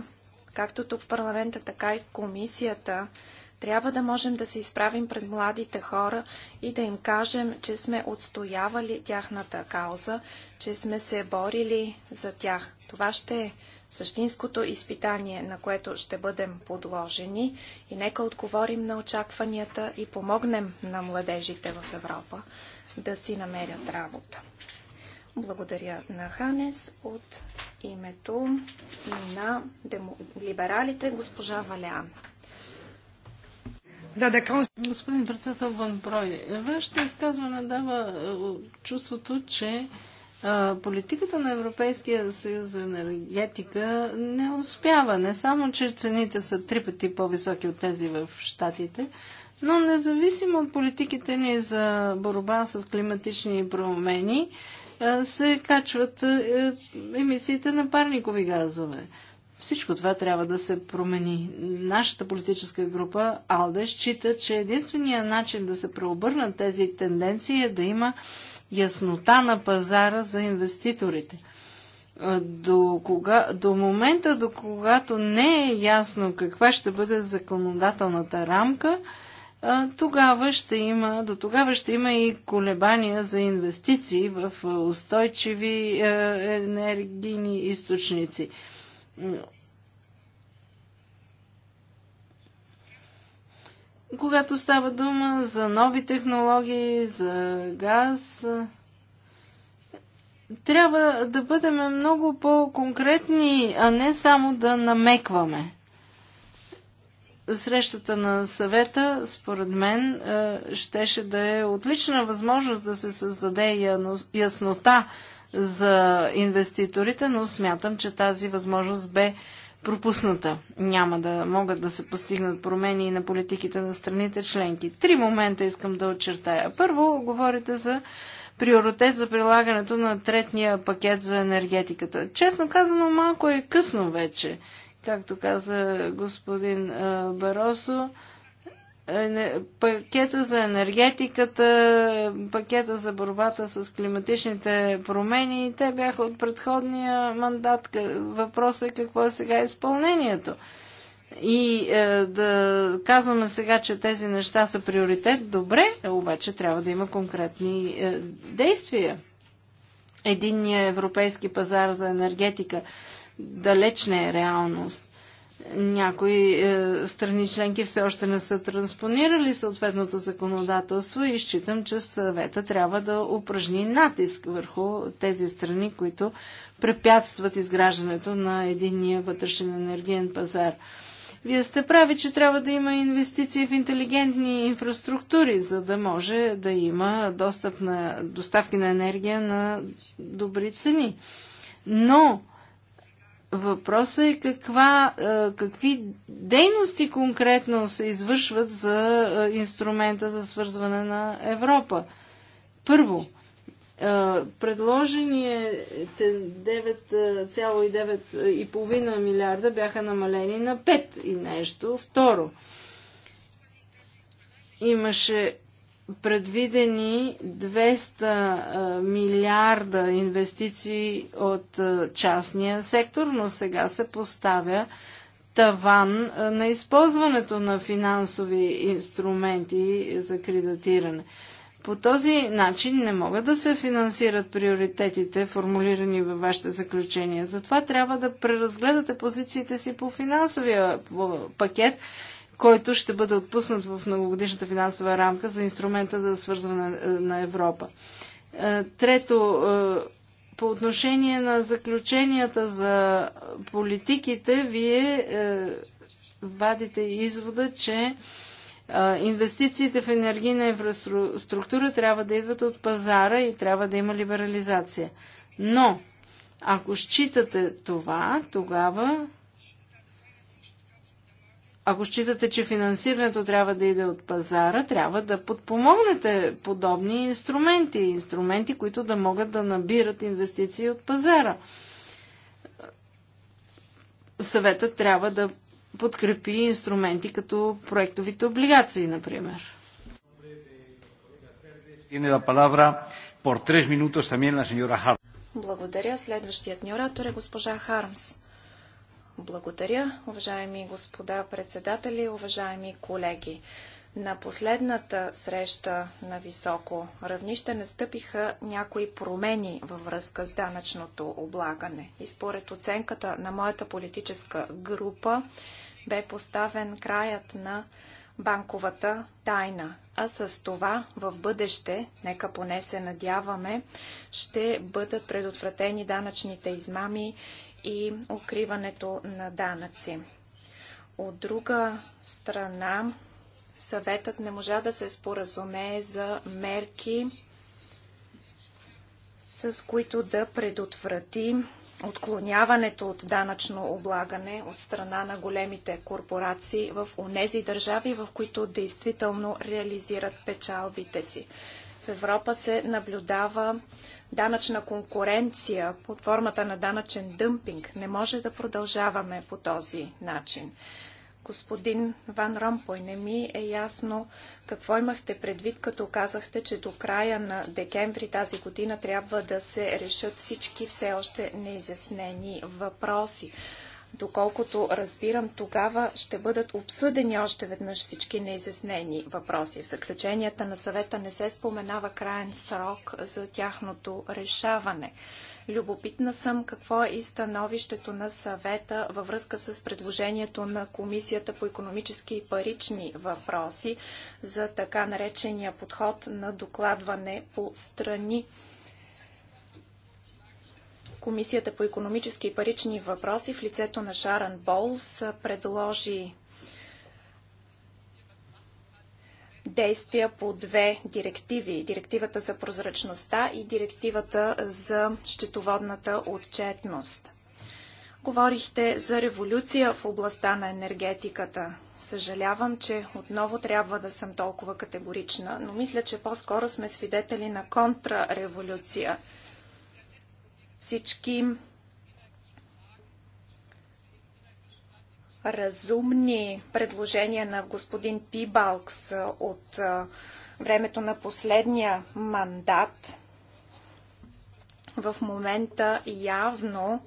както тук в парламента, така и в комисията, трябва да можем да се изправим пред младите хора и да им кажем, че сме отстоявали тяхната кауза, че сме се борили за тях. Това ще е същинското изпитание, на което ще бъдем подложени и нека отговорим на очакванията и помогнем на младежите в Европа да си намерят работа. Благодаря на Ханес от името на демо... либералите госпожа Валяна. Да, да, Господин председател Ван Брой, вашето изказване дава е, чувството, че политиката на Европейския съюз за енергетика не успява. Не само, че цените са три пъти по-високи от тези в Штатите, но независимо от политиките ни за борба с климатични промени, се качват е, емисиите на парникови газове. Всичко това трябва да се промени. Нашата политическа група АЛДЕ счита, че единствения начин да се преобърнат тези тенденции е да има яснота на пазара за инвеститорите. До, кога, до момента, до когато не е ясно каква ще бъде законодателната рамка, тогава ще има, до тогава ще има и колебания за инвестиции в устойчиви енергийни източници. Когато става дума за нови технологии, за газ, трябва да бъдем много по-конкретни, а не само да намекваме. Срещата на съвета, според мен, е, щеше да е отлична възможност да се създаде яснота за инвеститорите, но смятам, че тази възможност бе пропусната. Няма да могат да се постигнат промени на политиките на страните членки. Три момента искам да очертая. Първо, говорите за приоритет за прилагането на третния пакет за енергетиката. Честно казано, малко е късно вече. Както каза господин Баросо, пакета за енергетиката, пакета за борбата с климатичните промени, те бяха от предходния мандат. Въпросът е какво е сега изпълнението. И е, да казваме сега, че тези неща са приоритет, добре, обаче трябва да има конкретни е, действия. Единният европейски пазар за енергетика далеч не е реалност някои е, страни членки все още не са транспонирали съответното законодателство и считам, че съвета трябва да упражни натиск върху тези страни, които препятстват изграждането на единния вътрешен енергиен пазар. Вие сте прави, че трябва да има инвестиции в интелигентни инфраструктури, за да може да има достъп на доставки на енергия на добри цени. Но Въпросът е каква, е, какви дейности конкретно се извършват за е, инструмента за свързване на Европа. Първо, е, предложените 9,9,5 милиарда бяха намалени на 5 и нещо. Второ, имаше предвидени 200 милиарда инвестиции от частния сектор, но сега се поставя таван на използването на финансови инструменти за кредитиране. По този начин не могат да се финансират приоритетите, формулирани във вашите заключения. Затова трябва да преразгледате позициите си по финансовия пакет който ще бъде отпуснат в многогодишната финансова рамка за инструмента за свързване на Европа. Е, трето, е, по отношение на заключенията за политиките, вие е, вадите извода, че инвестициите в енергийна инфраструктура трябва да идват от пазара и трябва да има либерализация. Но, ако считате това, тогава ако считате, че финансирането трябва да иде от пазара, трябва да подпомогнете подобни инструменти. Инструменти, които да могат да набират инвестиции от пазара. Съветът трябва да подкрепи инструменти като проектовите облигации, например. Благодаря. Следващият ни оратор е госпожа Хармс. Благодаря, уважаеми господа председатели, уважаеми колеги. На последната среща на високо равнище настъпиха някои промени във връзка с данъчното облагане. И според оценката на моята политическа група бе поставен краят на банковата тайна. А с това в бъдеще, нека поне се надяваме, ще бъдат предотвратени данъчните измами и укриването на данъци. От друга страна, съветът не можа да се споразумее за мерки, с които да предотвратим отклоняването от данъчно облагане от страна на големите корпорации в онези държави, в които действително реализират печалбите си. В Европа се наблюдава данъчна конкуренция под формата на данъчен дъмпинг. Не може да продължаваме по този начин господин Ван Ромпой. Не ми е ясно какво имахте предвид, като казахте, че до края на декември тази година трябва да се решат всички все още неизяснени въпроси. Доколкото разбирам, тогава ще бъдат обсъдени още веднъж всички неизяснени въпроси. В заключенията на съвета не се споменава краен срок за тяхното решаване. Любопитна съм какво е и становището на съвета във връзка с предложението на Комисията по економически и парични въпроси за така наречения подход на докладване по страни. Комисията по економически и парични въпроси в лицето на Шаран Боулс предложи действия по две директиви. Директивата за прозрачността и директивата за счетоводната отчетност. Говорихте за революция в областта на енергетиката. Съжалявам, че отново трябва да съм толкова категорична, но мисля, че по-скоро сме свидетели на контрареволюция. Всички разумни предложения на господин Пибалкс от времето на последния мандат. В момента явно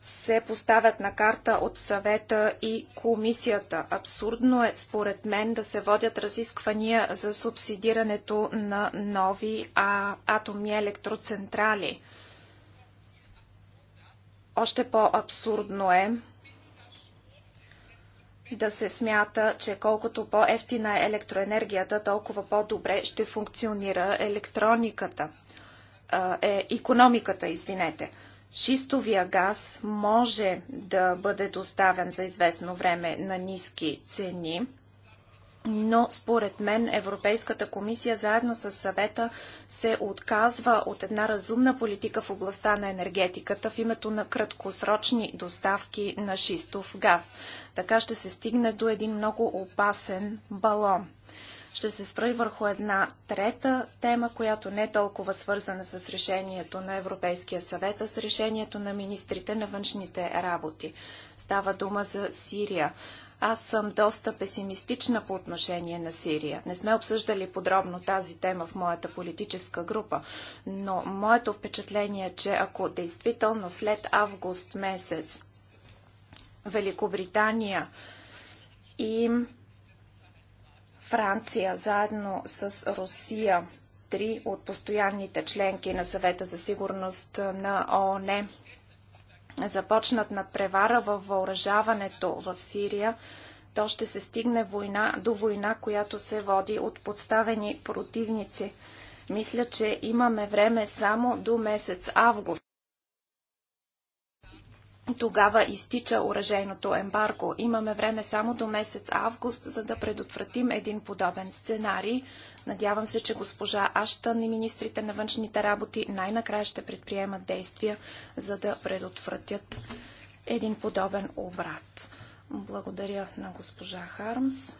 се поставят на карта от съвета и комисията. Абсурдно е, според мен, да се водят разисквания за субсидирането на нови а, атомни електроцентрали. Още по-абсурдно е да се смята, че колкото по-ефтина е електроенергията, толкова по-добре ще функционира електрониката, е, економиката, извинете. Шистовия газ може да бъде доставен за известно време на ниски цени – но според мен Европейската комисия заедно с съвета се отказва от една разумна политика в областта на енергетиката в името на краткосрочни доставки на шистов газ. Така ще се стигне до един много опасен балон. Ще се спра и върху една трета тема, която не е толкова свързана с решението на Европейския съвет, а с решението на министрите на външните работи. Става дума за Сирия. Аз съм доста песимистична по отношение на Сирия. Не сме обсъждали подробно тази тема в моята политическа група, но моето впечатление е, че ако действително след август месец Великобритания и Франция заедно с Русия, три от постоянните членки на съвета за сигурност на ООН започнат надпревара във въоръжаването в Сирия, то ще се стигне война, до война, която се води от подставени противници. Мисля, че имаме време само до месец август. Тогава изтича оръжейното ембарго. Имаме време само до месец август, за да предотвратим един подобен сценарий. Надявам се, че госпожа Аштън и министрите на външните работи най-накрая ще предприемат действия, за да предотвратят един подобен обрат. Благодаря на госпожа Хармс.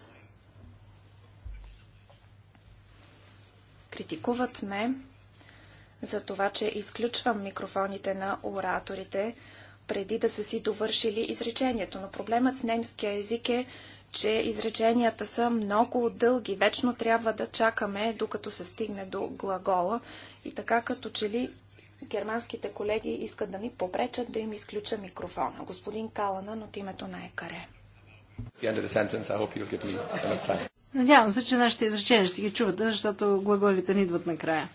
Критикуват ме за това, че изключвам микрофоните на ораторите, преди да са си довършили изречението. Но проблемът с немския език е, че изреченията са много дълги. Вечно трябва да чакаме, докато се стигне до глагола. И така като че ли германските колеги искат да ми попречат да им изключа микрофона. Господин Калана, от името на ЕКАРЕ. Надявам се, че нашите изречения ще ги чуват, защото глаголите не идват накрая.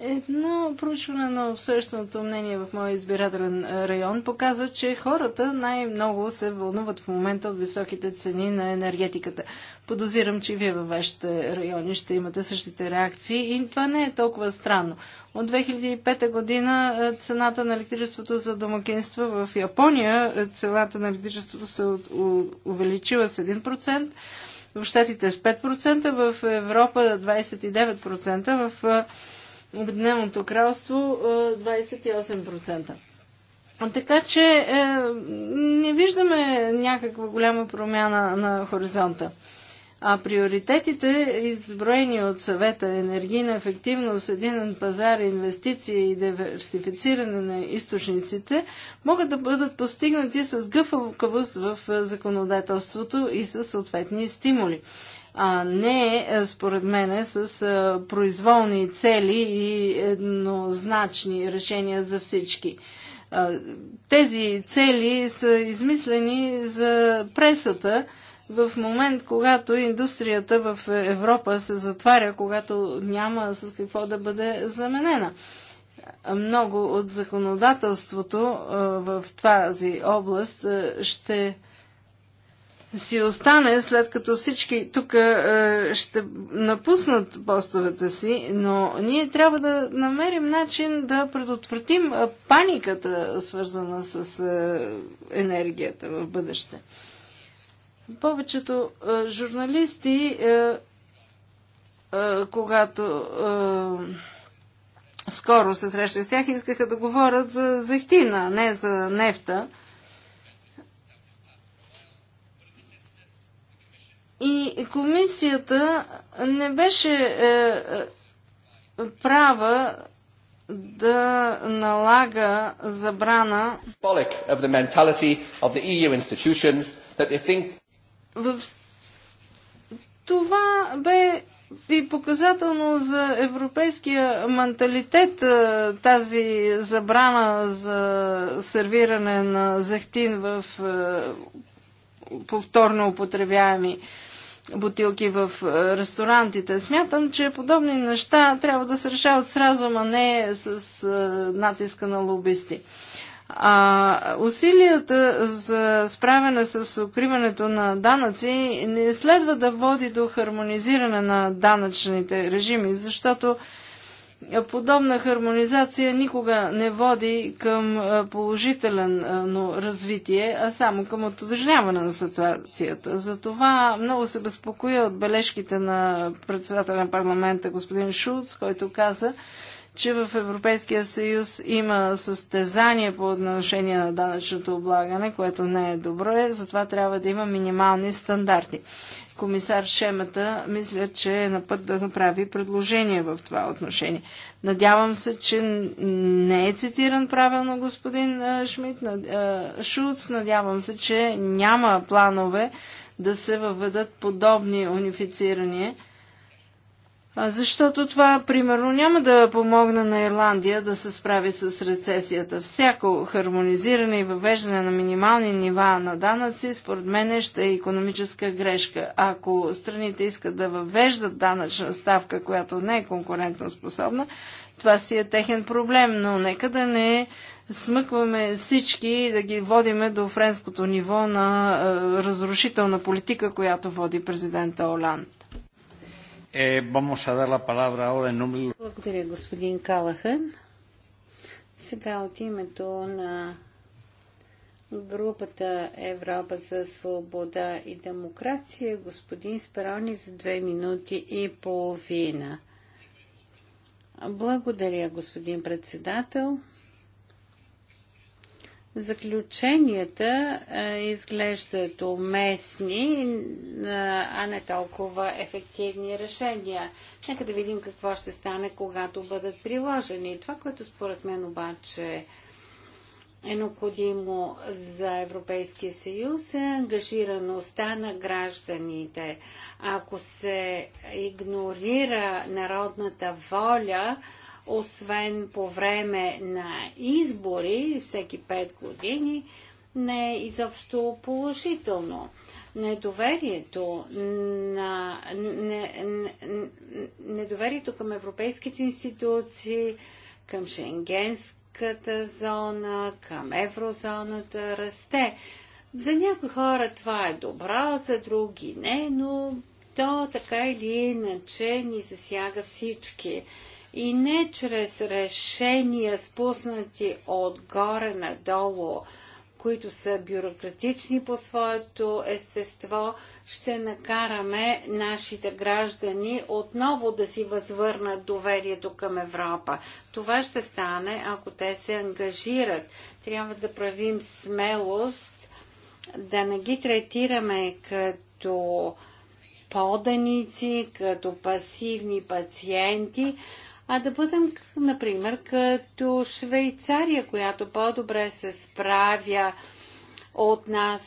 Едно проучване на общественото мнение в моя избирателен е, район показа, че хората най-много се вълнуват в момента от високите цени на енергетиката. Подозирам, че вие във вашите райони ще имате същите реакции и това не е толкова странно. От 2005 година е, цената на електричеството за домакинства в Япония, е, цената на електричеството се увеличила с 1%, в Штатите с 5%, в Европа 29%, в Обединеното кралство 28%. Така че е, не виждаме някаква голяма промяна на хоризонта. А приоритетите, изброени от съвета енергийна ефективност, единен пазар, инвестиции и диверсифициране на източниците, могат да бъдат постигнати с гъвкавост в е, законодателството и с съответни стимули а не е, според мене с произволни цели и еднозначни решения за всички. Тези цели са измислени за пресата в момент, когато индустрията в Европа се затваря, когато няма с какво да бъде заменена. Много от законодателството в тази област ще си остане, след като всички тук е, ще напуснат постовете си, но ние трябва да намерим начин да предотвратим е, паниката, свързана с е, енергията в бъдеще. Повечето е, журналисти, е, е, когато скоро се срещах с тях, искаха да говорят за зехтина, не за нефта. И комисията не беше е, е права да налага забрана of the of the EU that they think в... Това бе и показателно за европейския менталитет е, тази забрана за сервиране на захтин в е, повторно употребяеми бутилки в е, ресторантите. Смятам, че подобни неща трябва да се решават с разум, а не с е, натиска на лобисти. А усилията за справяне с укриването на данъци не следва да води до хармонизиране на данъчните режими, защото подобна хармонизация никога не води към положително развитие, а само към отодъжняване на ситуацията. Затова много се безпокоя от бележките на председателя на парламента господин Шулц, който каза, че в Европейския съюз има състезание по отношение на данъчното облагане, което не е добро, затова трябва да има минимални стандарти комисар Шемата мисля, че е на път да направи предложение в това отношение. Надявам се, че не е цитиран правилно господин Шмидт, Шуц. Надявам се, че няма планове да се въведат подобни унифицирания защото това, примерно, няма да помогне на Ирландия да се справи с рецесията. Всяко хармонизиране и въвеждане на минимални нива на данъци, според мен, ще е економическа грешка. Ако страните искат да въвеждат данъчна ставка, която не е конкурентно способна, това си е техен проблем, но нека да не смъкваме всички и да ги водиме до френското ниво на е, разрушителна политика, която води президента Оланд. Eh, Благодаря, господин Калахън. Сега от името на групата Европа за свобода и демокрация, господин Сперони за две минути и половина. Благодаря, господин председател. Заключенията изглеждат уместни, а не толкова ефективни решения. Нека да видим какво ще стане, когато бъдат приложени. Това, което според мен обаче е необходимо за Европейския съюз е ангажираността на гражданите. Ако се игнорира народната воля, освен по време на избори всеки 5 години, не е изобщо положително. Недоверието, на, не, не, недоверието към европейските институции, към шенгенската зона, към еврозоната расте. За някои хора това е добро, за други не, но то така или иначе ни засяга всички и не чрез решения спуснати отгоре надолу, които са бюрократични по своето естество, ще накараме нашите граждани отново да си възвърнат доверието към Европа. Това ще стане, ако те се ангажират. Трябва да правим смелост, да не ги третираме като поданици, като пасивни пациенти, а да бъдем, например, като Швейцария, която по-добре се справя от нас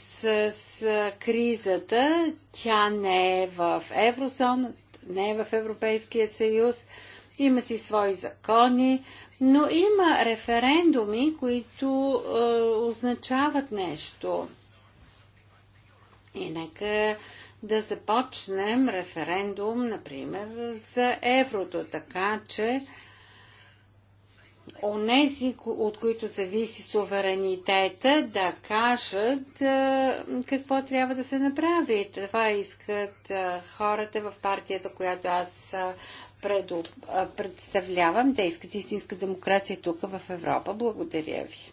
с, кризата. Тя не е в еврозона, не е в Европейския съюз, има си свои закони, но има референдуми, които е, означават нещо. И нека да започнем референдум, например, за еврото, така че онези, от които зависи суверенитета, да кажат какво трябва да се направи. Това искат хората в партията, която аз представлявам. Те искат истинска демокрация тук в Европа. Благодаря ви.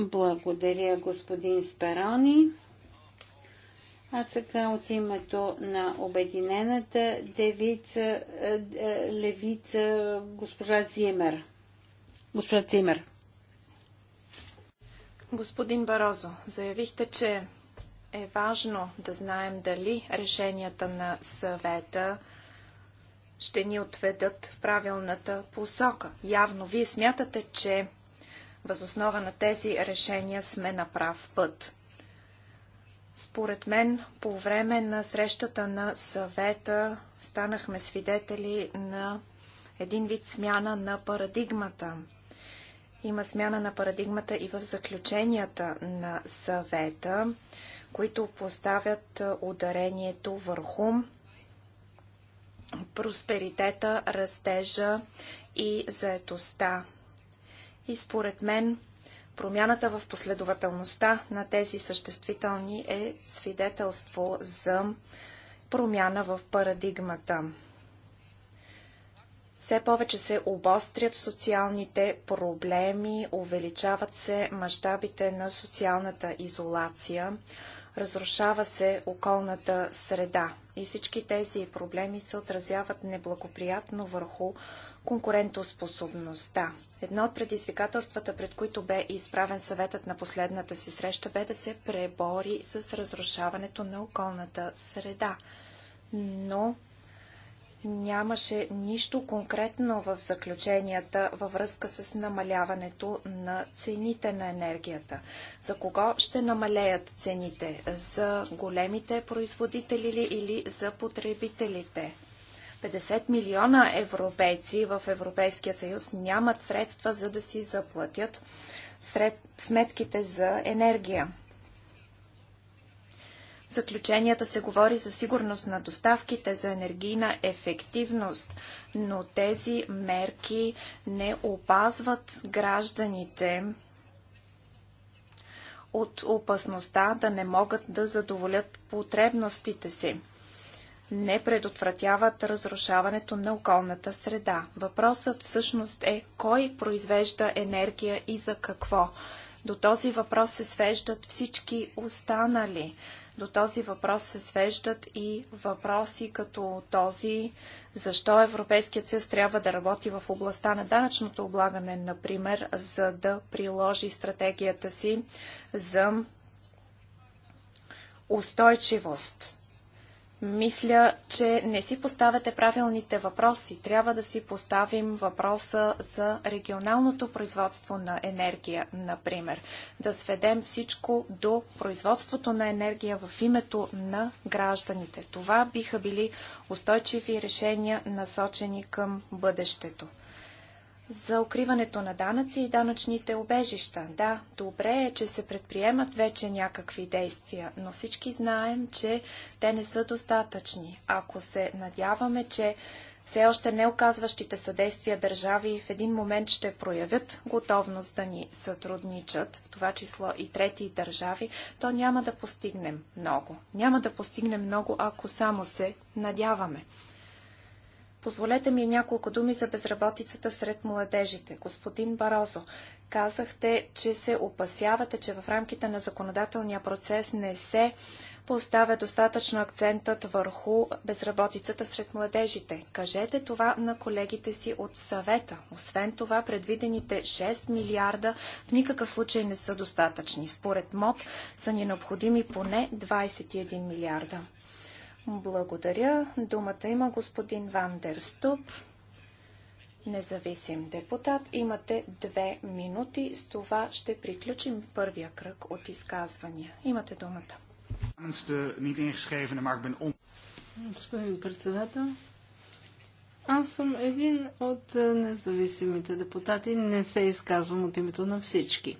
Благодаря, господин Сперони. А сега от името на Обединената девица, е, е, левица госпожа Зимер. Госпожа Зимер. Господин Барозо, заявихте, че е важно да знаем дали решенията на съвета ще ни отведат в правилната посока. Явно вие смятате, че възоснова на тези решения сме на прав път. Според мен, по време на срещата на съвета станахме свидетели на един вид смяна на парадигмата. Има смяна на парадигмата и в заключенията на съвета, които поставят ударението върху просперитета, растежа и заетостта. И според мен Промяната в последователността на тези съществителни е свидетелство за промяна в парадигмата. Все повече се обострят социалните проблеми, увеличават се мащабите на социалната изолация, разрушава се околната среда. И всички тези проблеми се отразяват неблагоприятно върху конкурентоспособността. Едно от предизвикателствата, пред които бе изправен съветът на последната си среща, бе да се пребори с разрушаването на околната среда. Но нямаше нищо конкретно в заключенията във връзка с намаляването на цените на енергията. За кого ще намалеят цените? За големите производители или за потребителите? 50 милиона европейци в Европейския съюз нямат средства за да си заплатят сред... сметките за енергия. В заключенията се говори за сигурност на доставките, за енергийна ефективност, но тези мерки не опазват гражданите от опасността да не могат да задоволят потребностите си не предотвратяват разрушаването на околната среда. Въпросът всъщност е кой произвежда енергия и за какво. До този въпрос се свеждат всички останали. До този въпрос се свеждат и въпроси като този, защо Европейският съюз трябва да работи в областта на данъчното облагане, например, за да приложи стратегията си за устойчивост мисля, че не си поставяте правилните въпроси. Трябва да си поставим въпроса за регионалното производство на енергия, например. Да сведем всичко до производството на енергия в името на гражданите. Това биха били устойчиви решения, насочени към бъдещето за укриването на данъци и данъчните обежища. Да, добре е, че се предприемат вече някакви действия, но всички знаем, че те не са достатъчни. Ако се надяваме, че все още не оказващите съдействия държави в един момент ще проявят готовност да ни сътрудничат, в това число и трети държави, то няма да постигнем много. Няма да постигнем много, ако само се надяваме. Позволете ми няколко думи за безработицата сред младежите. Господин Барозо, казахте, че се опасявате, че в рамките на законодателния процес не се поставя достатъчно акцентът върху безработицата сред младежите. Кажете това на колегите си от съвета. Освен това, предвидените 6 милиарда в никакъв случай не са достатъчни. Според МОД са ни необходими поне 21 милиарда. Благодаря. Думата има господин Вандерступ, независим депутат. Имате две минути. С това ще приключим първия кръг от изказвания. Имате думата. Господин председател, аз съм един от е, независимите депутати. Не се изказвам от името на всички.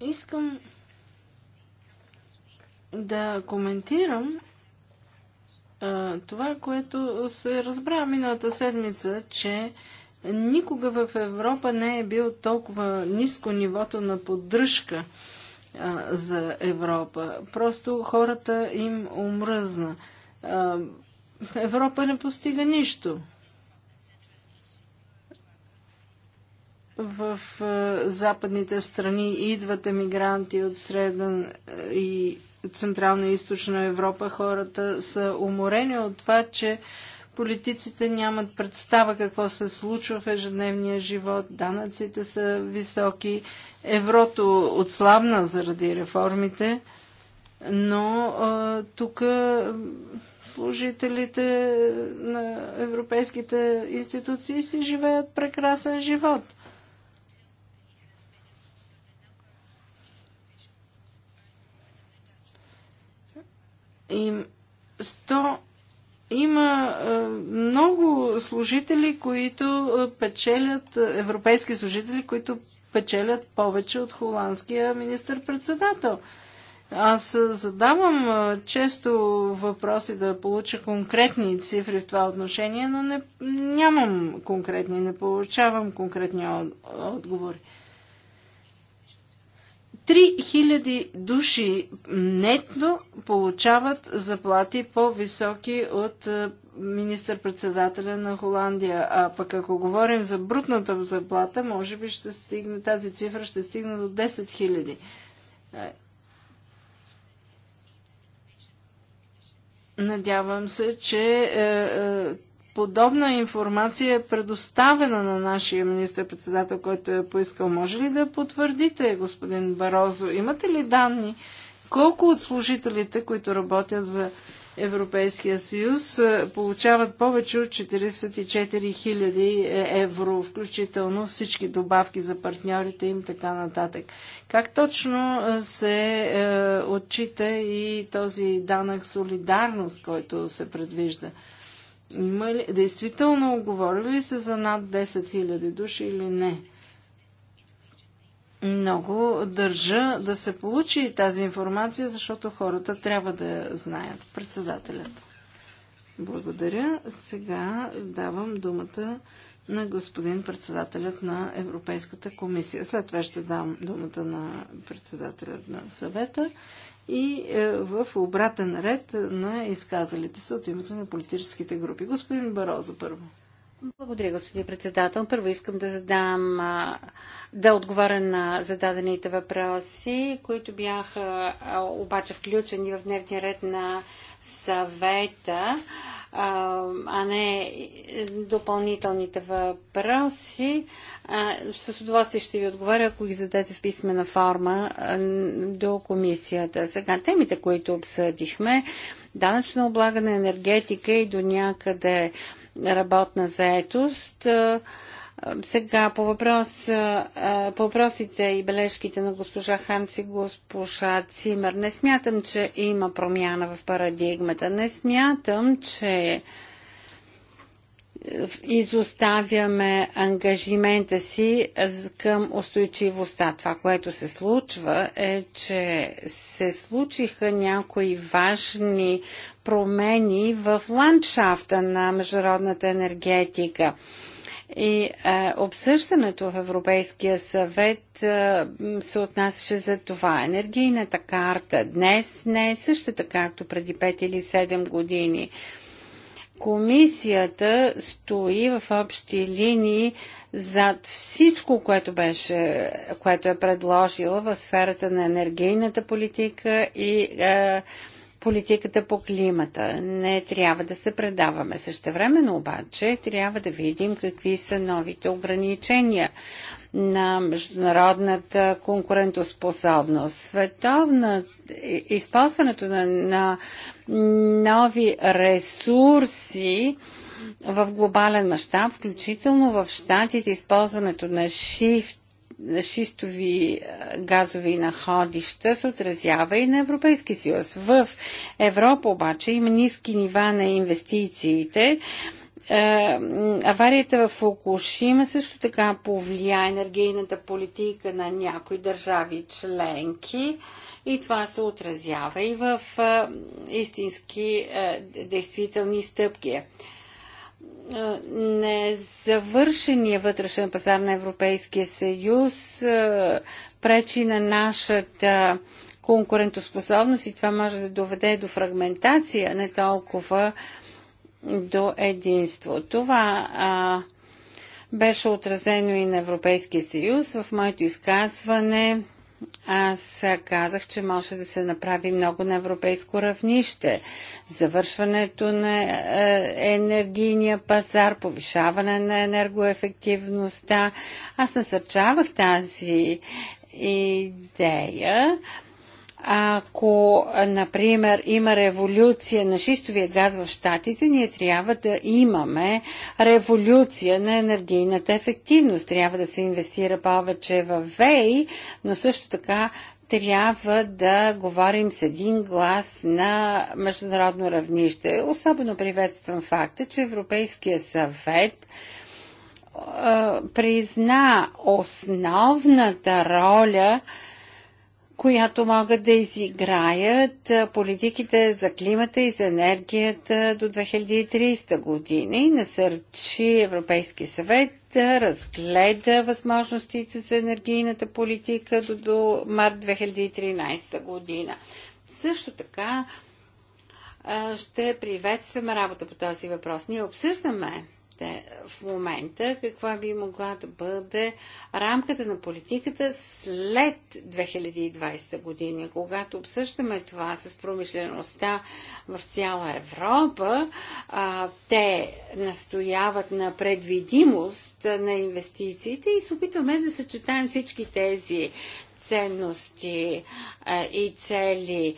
Искам да коментирам а, това, което се разбра миналата седмица, че никога в Европа не е бил толкова ниско нивото на поддръжка а, за Европа. Просто хората им омръзна. А, Европа не постига нищо. в западните страни идват емигранти от Среден и Централна и Източна Европа хората са уморени от това, че политиците нямат представа какво се случва в ежедневния живот, данъците са високи, еврото отслабна заради реформите, но тук служителите на европейските институции си живеят прекрасен живот – им сто има е, много служители, които е, печелят, е, европейски служители, които печелят повече от холандския министр-председател. Аз е, задавам е, често въпроси да получа конкретни цифри в това отношение, но не, нямам конкретни, не получавам конкретни от, отговори. 3000 души нетно получават заплати по-високи от е, министър-председателя на Холандия. А пък ако говорим за брутната заплата, може би ще стигне, тази цифра ще стигне до 10 000. Е, надявам се, че е, подобна информация е предоставена на нашия министр-председател, който е поискал. Може ли да потвърдите, господин Барозо? Имате ли данни? Колко от служителите, които работят за Европейския съюз, е, получават повече от 44 000 евро, включително всички добавки за партньорите им, така нататък. Как точно е, се е, отчита и този данък солидарност, който се предвижда? Има ли, действително оговорили ли се за над 10 000 души или не? Много държа да се получи тази информация, защото хората трябва да я знаят. Председателят. Благодаря. Сега давам думата на господин председателят на Европейската комисия. След това ще дам думата на председателят на съвета и е, в обратен ред на изказалите се от името на политическите групи. Господин Барозо първо. Благодаря, господин председател. Първо искам да задам, да отговоря на зададените въпроси, които бяха обаче включени в дневния ред на съвета а не допълнителните въпроси. С удоволствие ще ви отговоря, ако ги зададете в писмена форма до комисията. Сега темите, които обсъдихме, данъчно облагане, енергетика и до някъде работна заетост. Сега по, въпрос, по въпросите и бележките на госпожа Хамци, госпожа Цимер, не смятам, че има промяна в парадигмата. Не смятам, че е, изоставяме ангажимента си към устойчивостта. Това, което се случва е, че се случиха някои важни промени в ландшафта на международната енергетика. И е, обсъждането в Европейския съвет е, се отнасяше за това. Енергийната карта днес не е същата, както преди 5 или 7 години. Комисията стои в общи линии зад всичко, което, беше, което е предложила в сферата на енергийната политика и е, политиката по климата. Не трябва да се предаваме. Същевременно обаче трябва да видим какви са новите ограничения на международната конкурентоспособност. Световна използването на, на нови ресурси в глобален мащаб, включително в щатите, използването на шифт шистови газови находища се отразява и на Европейски съюз. В Европа обаче има ниски нива на инвестициите. Аварията в Фукушима също така повлия енергийната политика на някои държави членки и това се отразява и в истински действителни стъпки незавършения вътрешен пазар на Европейския съюз пречи на нашата конкурентоспособност и това може да доведе до фрагментация, не толкова до единство. Това а, беше отразено и на Европейския съюз. В моето изказване аз казах, че може да се направи много на европейско равнище. Завършването на е, енергийния пазар, повишаване на енергоефективността. Аз насърчавах тази идея ако, например, има революция на шистовия газ в Штатите, ние трябва да имаме революция на енергийната ефективност. Трябва да се инвестира повече в ВЕИ, но също така трябва да говорим с един глас на международно равнище. Особено приветствам факта, че Европейския съвет призна основната роля която могат да изиграят политиките за климата и за енергията до 2030 година и насърчи Европейски съвет да разгледа възможностите за енергийната политика до, до март 2013 година. Също така ще приветстваме работа по този въпрос. Ние обсъждаме в момента, каква би могла да бъде рамката на политиката след 2020 година. Когато обсъждаме това с промишлеността в цяла Европа, а, те настояват на предвидимост на инвестициите и се опитваме да съчетаем всички тези ценности и цели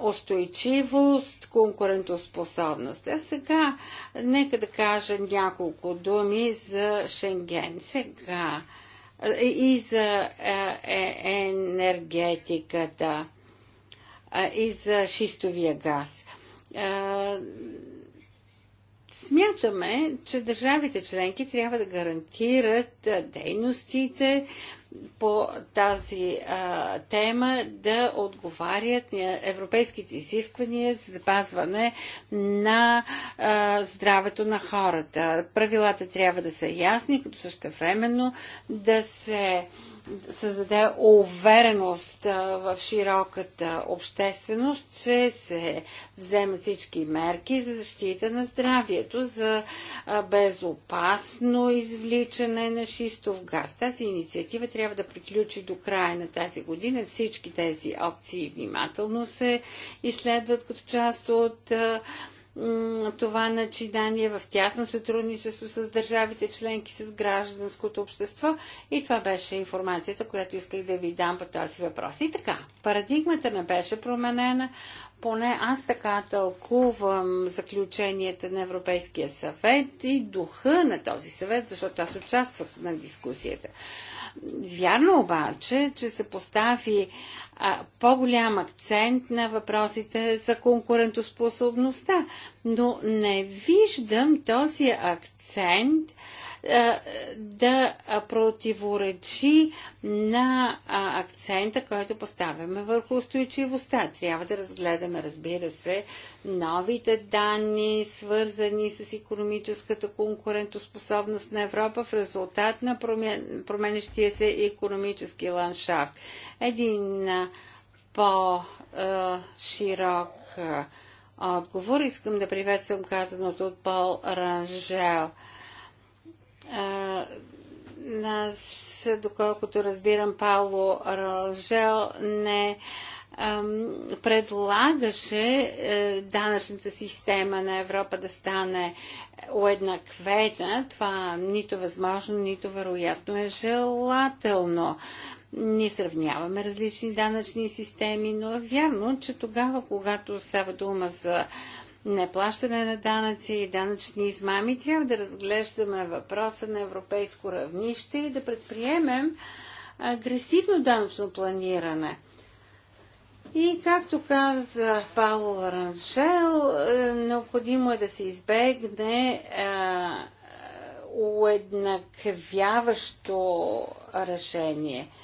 устойчивост, конкурентоспособност. А сега нека да кажа няколко думи за Шенген. Сега и за е, енергетиката и за шистовия газ. Смятаме, че държавите членки трябва да гарантират дейностите по тази а, тема да отговарят на европейските изисквания за запазване на а, здравето на хората. Правилата трябва да са ясни, като същевременно да се а, създаде увереност в широката общественост, че се вземат всички мерки за защита на здравието, за безопасно извличане на шистов газ. Тази инициатива трябва да приключи до края на тази година. Всички тези опции внимателно се изследват като част от това начинание в тясно сътрудничество с държавите членки, с гражданското общество. И това беше информацията, която исках да ви дам по този въпрос. И така, парадигмата не беше променена, поне аз така тълкувам заключенията на Европейския съвет и духа на този съвет, защото аз участвах на дискусията. Вярно обаче, че се постави по-голям акцент на въпросите за конкурентоспособността, но не виждам този акцент да противоречи на акцента, който поставяме върху устойчивостта. Трябва да разгледаме, разбира се, новите данни, свързани с економическата конкурентоспособност на Европа в резултат на променещия се економически ландшафт. Един по-широк отговор. Искам да приветствам казаното от Пол Ранжел – аз, доколкото разбирам, Пауло Рожел не предлагаше е, данъчната система на Европа да стане уеднаквена. Това нито възможно, нито вероятно е желателно. Ние сравняваме различни данъчни системи, но е вярно, че тогава, когато става дума за неплащане на данъци и данъчни измами, трябва да разглеждаме въпроса на европейско равнище и да предприемем агресивно данъчно планиране. И както каза Пауло Раншел, е, необходимо е да се избегне е, уеднаквяващо решение –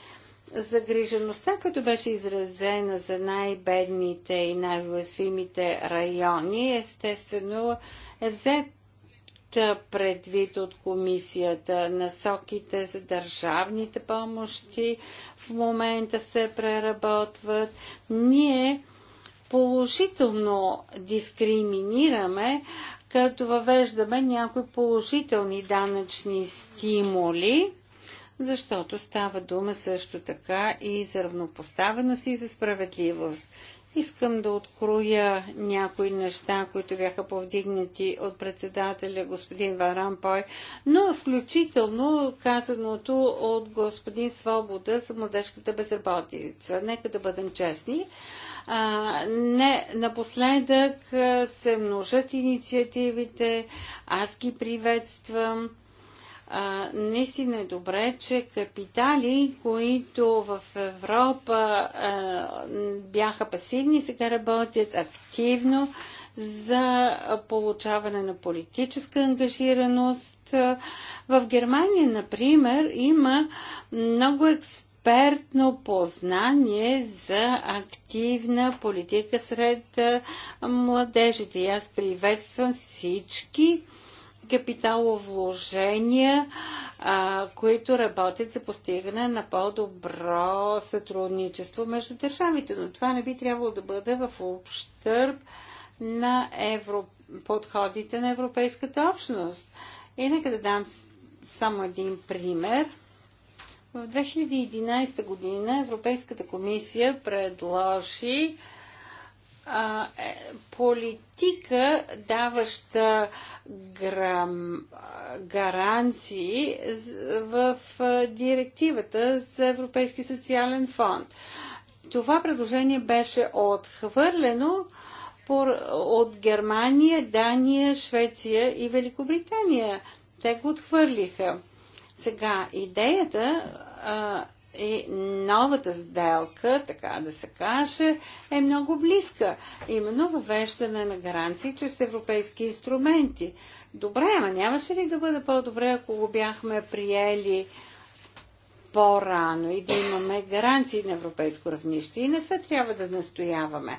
загрижеността, като беше изразена за най-бедните и най-уязвимите райони, естествено е взета предвид от комисията. Насоките за държавните помощи в момента се преработват. Ние положително дискриминираме, като въвеждаме някои положителни данъчни стимули защото става дума също така и за равнопоставеност и за справедливост. Искам да откроя някои неща, които бяха повдигнати от председателя господин Варампой, но включително казаното от господин Свобода за младежката безработица. Нека да бъдем честни. А, не, напоследък се множат инициативите, аз ги приветствам наистина е добре, че капитали, които в Европа а, бяха пасивни, сега работят активно за получаване на политическа ангажираност. В Германия, например, има много експертно познание за активна политика сред младежите. И аз приветствам всички капиталовложения, а, които работят за постигане на по-добро сътрудничество между държавите. Но това не би трябвало да бъде в общърб на евро... подходите на Европейската общност. И нека да дам само един пример. В 2011 година Европейската комисия предложи е, политика, даваща грам, гаранции в директивата за Европейски социален фонд. Това предложение беше отхвърлено от Германия, Дания, Швеция и Великобритания. Те го отхвърлиха. Сега идеята и новата сделка, така да се каже, е много близка. Именно въвеждане на гаранции чрез европейски инструменти. Добре, ама нямаше ли да бъде по-добре, ако го бяхме приели по-рано и да имаме гаранции на европейско равнище? И на това трябва да настояваме.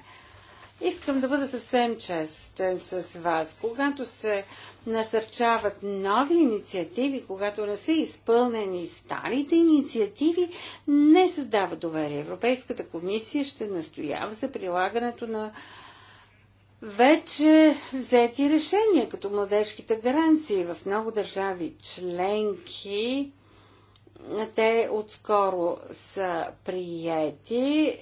Искам да бъда съвсем честен с вас. Когато се насърчават нови инициативи, когато не са изпълнени старите инициативи, не създава доверие. Европейската комисия ще настоява за прилагането на вече взети решения, като младежките гаранции в много държави членки те отскоро са приети,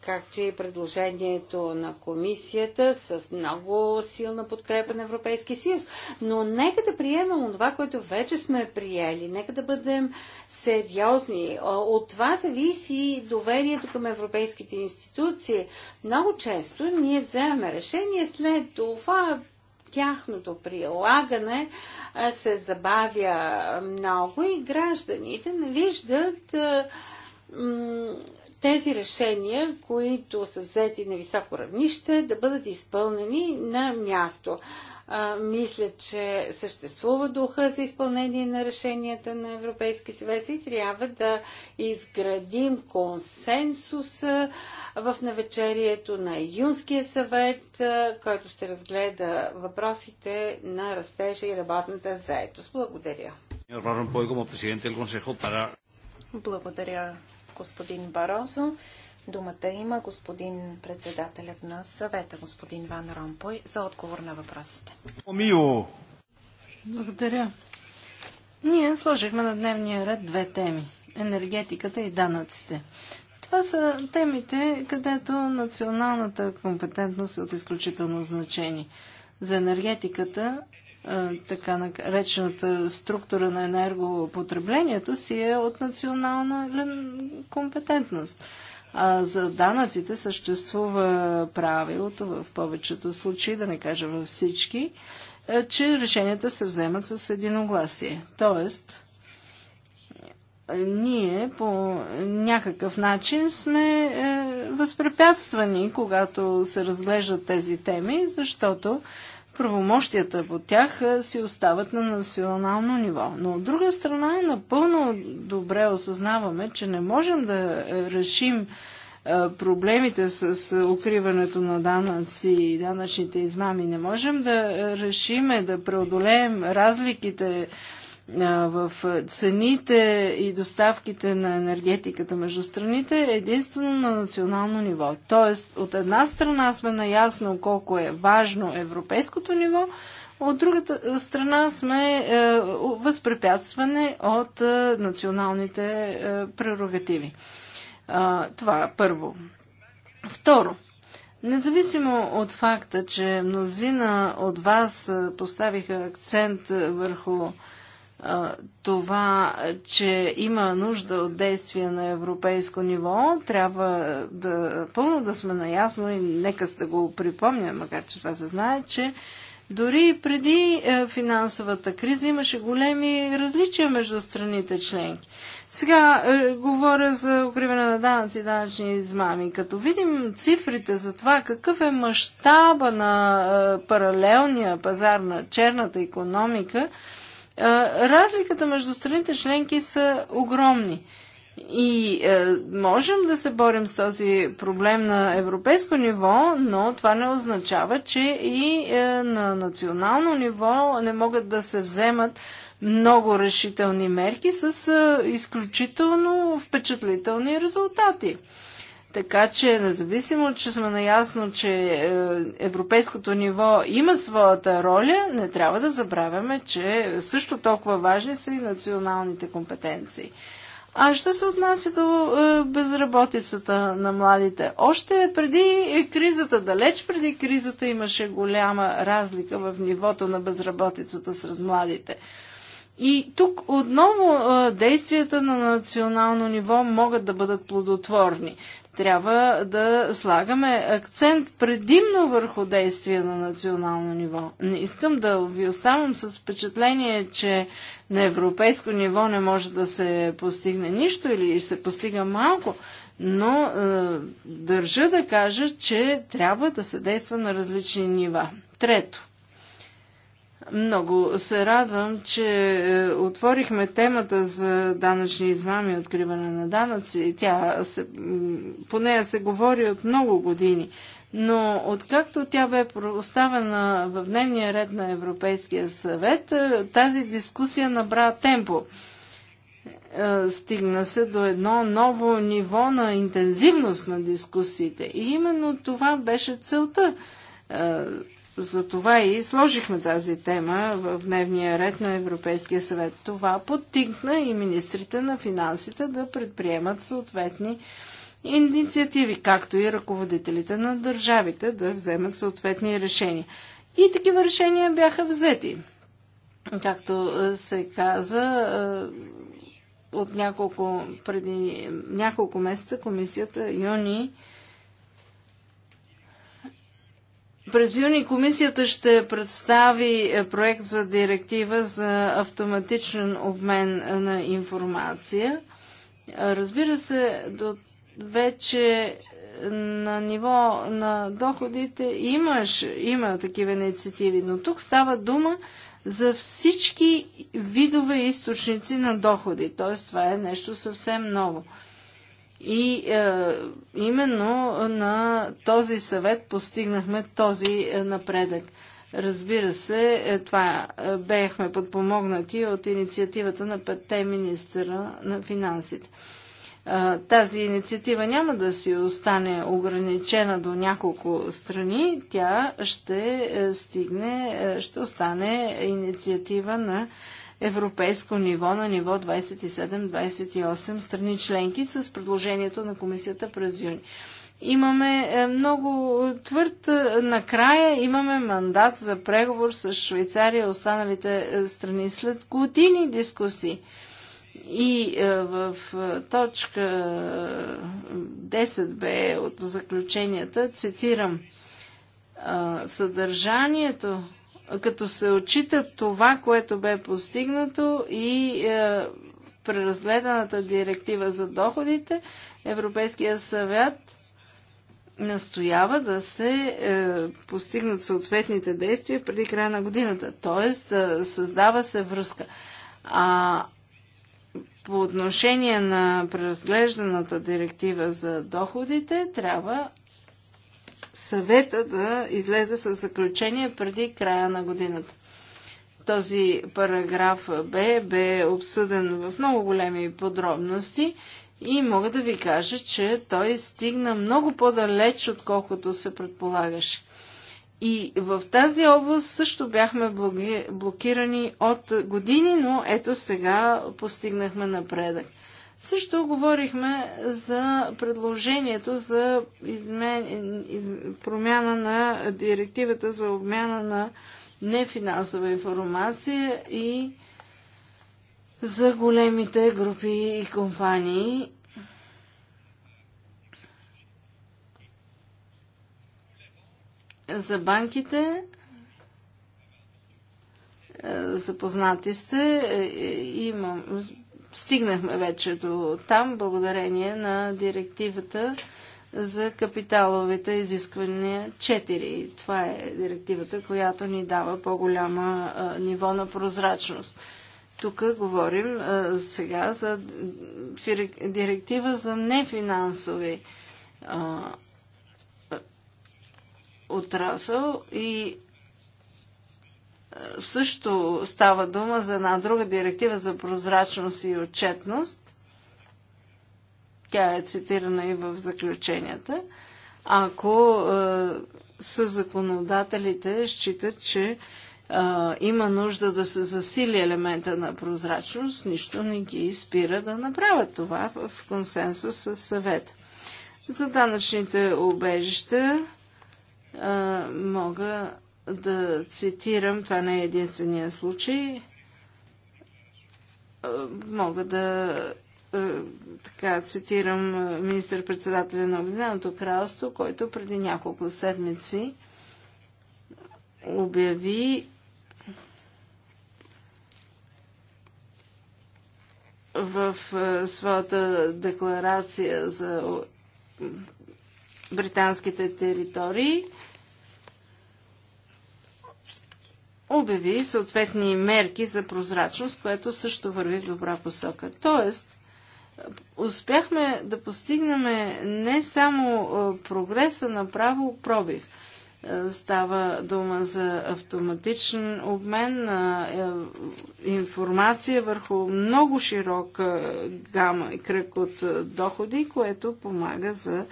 както и предложението на комисията с много силна подкрепа на Европейския съюз. Но нека да приемем това, което вече сме приели. Нека да бъдем сериозни. От това зависи доверието към европейските институции. Много често ние вземаме решение след това тяхното прилагане се забавя много и гражданите не виждат тези решения, които са взети на високо равнище, да бъдат изпълнени на място мисля, че съществува духа за изпълнение на решенията на Европейски съвет и трябва да изградим консенсуса в навечерието на Юнския съвет, който ще разгледа въпросите на растежа и работната заедост. Благодаря. Благодаря, господин Барозо. Думата има господин председателят на съвета, господин Ван Ромпой, за отговор на въпросите. Омио! Благодаря. Ние сложихме на дневния ред две теми – енергетиката и данъците. Това са темите, където националната компетентност е от изключително значение. За енергетиката така наречената структура на енергопотреблението си е от национална компетентност. А за данъците съществува правилото в повечето случаи, да не кажа във всички, е, че решенията се вземат с единогласие. Тоест, ние по някакъв начин сме е, възпрепятствани, когато се разглеждат тези теми, защото правомощията по тях си остават на национално ниво. Но от друга страна, напълно добре осъзнаваме, че не можем да е, решим проблемите с укриването на данъци и данъчните измами. Не можем да е, решиме да преодолеем разликите в цените и доставките на енергетиката между страните е единствено на национално ниво. Тоест, от една страна сме наясно колко е важно европейското ниво, от другата страна сме е, възпрепятстване от е, националните е, прерогативи. това е първо. Второ, Независимо от факта, че мнозина от вас е, поставиха акцент е, върху това, че има нужда от действия на европейско ниво, трябва да пълно да сме наясно и нека да го припомня, макар че това се знае, че дори преди е, финансовата криза имаше големи различия между страните членки. Сега е, говоря за укриване на данъци и данъчни измами. Като видим цифрите за това какъв е мащаба на е, паралелния пазар на черната економика, разликата между страните членки са огромни. И е, можем да се борим с този проблем на европейско ниво, но това не означава, че и е, на национално ниво не могат да се вземат много решителни мерки с е, изключително впечатлителни резултати. Така че, независимо, че сме наясно, че е, европейското ниво има своята роля, не трябва да забравяме, че също толкова важни са и националните компетенции. А ще се отнася до е, безработицата на младите? Още преди кризата, далеч преди кризата, имаше голяма разлика в нивото на безработицата сред младите. И тук отново действията на национално ниво могат да бъдат плодотворни. Трябва да слагаме акцент предимно върху действия на национално ниво. Не искам да ви оставам с впечатление, че на европейско ниво не може да се постигне нищо или се постига малко, но е, държа да кажа, че трябва да се действа на различни нива. Трето, много се радвам, че е, отворихме темата за данъчни измами и откриване на данъци. Тя се, по нея се говори от много години. Но откакто тя бе оставена в дневния ред на Европейския съвет, е, тази дискусия набра темпо. Е, стигна се до едно ново ниво на интензивност на дискусиите. И именно това беше целта затова и сложихме тази тема в дневния ред на Европейския съвет. Това подтикна и министрите на финансите да предприемат съответни инициативи, както и ръководителите на държавите да вземат съответни решения. И такива решения бяха взети. Както се каза, от няколко, преди няколко месеца комисията юни През юни комисията ще представи е, проект за директива за автоматичен обмен е, на информация. Разбира се, до вече е, на ниво на доходите имаш, има такива инициативи, но тук става дума за всички видове източници на доходи. Т.е. това е нещо съвсем ново. И е, именно на този съвет постигнахме този е, напредък. Разбира се, е, това е, бехме подпомогнати от инициативата на петте министра на финансите. Е, тази инициатива няма да си остане ограничена до няколко страни. Тя ще е, стигне, е, ще остане инициатива на европейско ниво, на ниво 27-28 страни членки с предложението на комисията през юни. Имаме е, много твърд е, накрая, имаме мандат за преговор с Швейцария и останалите е, страни след години дискусии. И в точка 10 бе от заключенията, цитирам, съдържанието като се отчита това, което бе постигнато и е, преразгледаната директива за доходите, Европейския съвет настоява да се е, постигнат съответните действия преди края на годината. Тоест, е, създава се връзка. А по отношение на преразглежданата директива за доходите, трябва съвета да излезе с заключение преди края на годината. Този параграф Б бе обсъден в много големи подробности и мога да ви кажа, че той стигна много по-далеч, отколкото се предполагаше. И в тази област също бяхме блокирани от години, но ето сега постигнахме напредък. Също говорихме за предложението за измен... из... промяна на директивата за обмяна на нефинансова информация и за големите групи и компании. За банките е, запознати сте, е, имам, стигнахме вече до там, благодарение на директивата за капиталовите изисквания 4. Това е директивата, която ни дава по-голяма ниво на прозрачност. Тук говорим а, сега за директива за нефинансови а, отрасъл и е, също става дума за една друга директива за прозрачност и отчетност. Тя е цитирана и в заключенията. Ако е, със законодателите считат, че е, има нужда да се засили елемента на прозрачност, нищо не ги спира да направят това в консенсус с съвет. За данъчните обежища е, мога да цитирам, това не е единствения случай. Е, мога да е, така цитирам е, министър-председателя на Обединеното кралство, който преди няколко седмици обяви в своята декларация за британските територии, обяви съответни мерки за прозрачност, което също върви в добра посока. Тоест, успяхме да постигнем не само прогреса, на право пробив. Става дума за автоматичен обмен на информация върху много широка гама и кръг от доходи, което помага за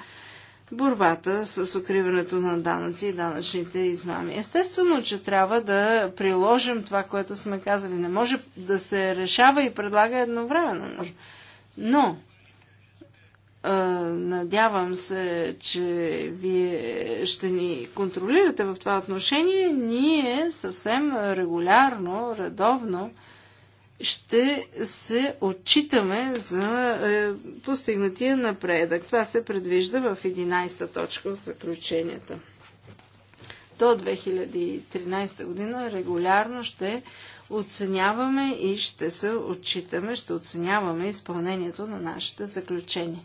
борбата с укриването на данъци и данъчните измами. Естествено, че трябва да приложим това, което сме казали. Не може да се решава и предлага едновременно. Но, надявам се, че вие ще ни контролирате в това отношение. Ние съвсем регулярно, редовно, ще се отчитаме за е, постигнатия напредък. Това се предвижда в 11-та точка в заключенията. До 2013 година регулярно ще оценяваме и ще се отчитаме, ще оценяваме изпълнението на нашите заключения.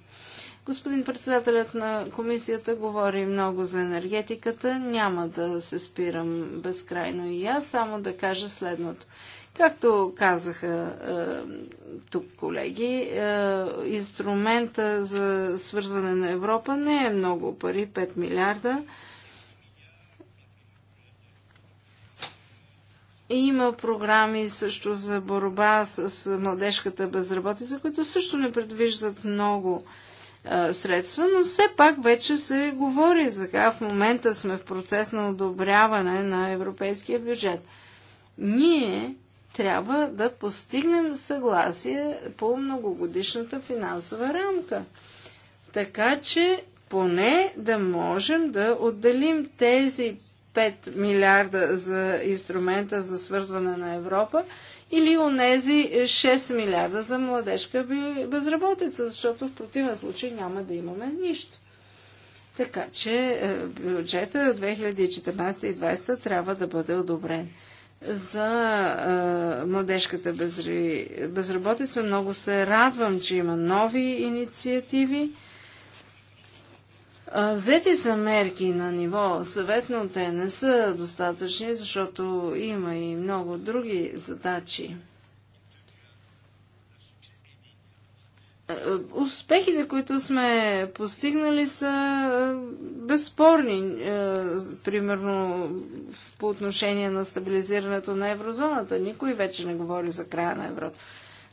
Господин председателят на комисията говори много за енергетиката. Няма да се спирам безкрайно и аз, само да кажа следното. Както казаха е, тук колеги, е, инструмента за свързване на Европа не е много пари, 5 милиарда. Има програми също за борба с младежката безработица, които също не предвиждат много е, средства, но все пак вече се говори за така. В момента сме в процес на одобряване на европейския бюджет. Ние трябва да постигнем съгласие по многогодишната финансова рамка. Така че поне да можем да отделим тези 5 милиарда за инструмента за свързване на Европа или онези 6 милиарда за младежка безработица, защото в противен случай няма да имаме нищо. Така че е, бюджета 2014 и 2020 трябва да бъде одобрен за а, младежката безри... безработица. Много се радвам, че има нови инициативи. А, взети са мерки на ниво съвет, но те не са достатъчни, защото има и много други задачи. Е, е, успехите, които сме постигнали, са е, безспорни. Примерно по отношение на стабилизирането на еврозоната. Никой вече не говори за края на еврото.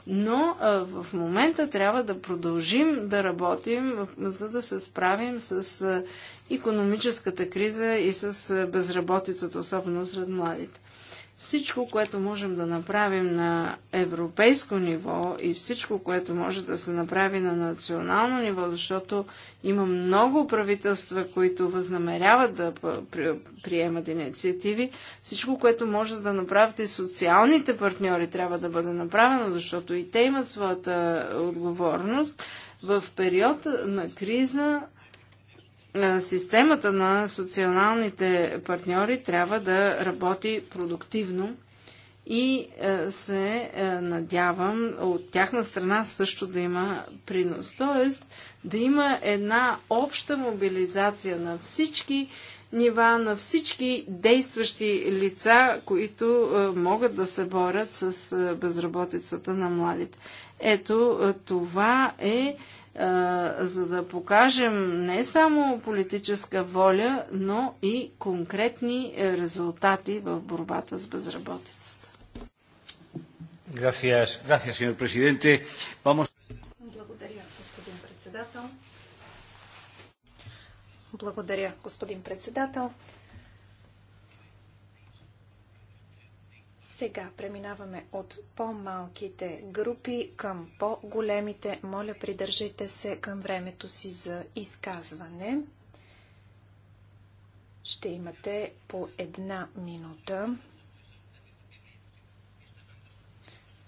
Но в момента трябва да продължим да работим, за да се справим с економическата криза и с безработицата, особено сред младите. Всичко, което можем да направим на европейско ниво и всичко, което може да се направи на национално ниво, защото има много правителства, които възнамеряват да приемат инициативи, всичко, което може да направят и социалните партньори трябва да бъде направено, защото и те имат своята е, отговорност в период на криза е, системата на социалните партньори трябва да работи продуктивно и е, се е, надявам от тяхна страна също да има принос. Тоест да има една обща мобилизация на всички нива, на всички действащи лица, които могат да се борят с безработицата на младите. Ето това е за да покажем не само политическа воля, но и конкретни е, резултати в борбата с безработицата. Gracias, gracias, señor presidente. Vamos... Благодаря, господин председател. Благодаря, господин председател. Сега преминаваме от по-малките групи към по-големите. Моля, придържайте се към времето си за изказване. Ще имате по една минута.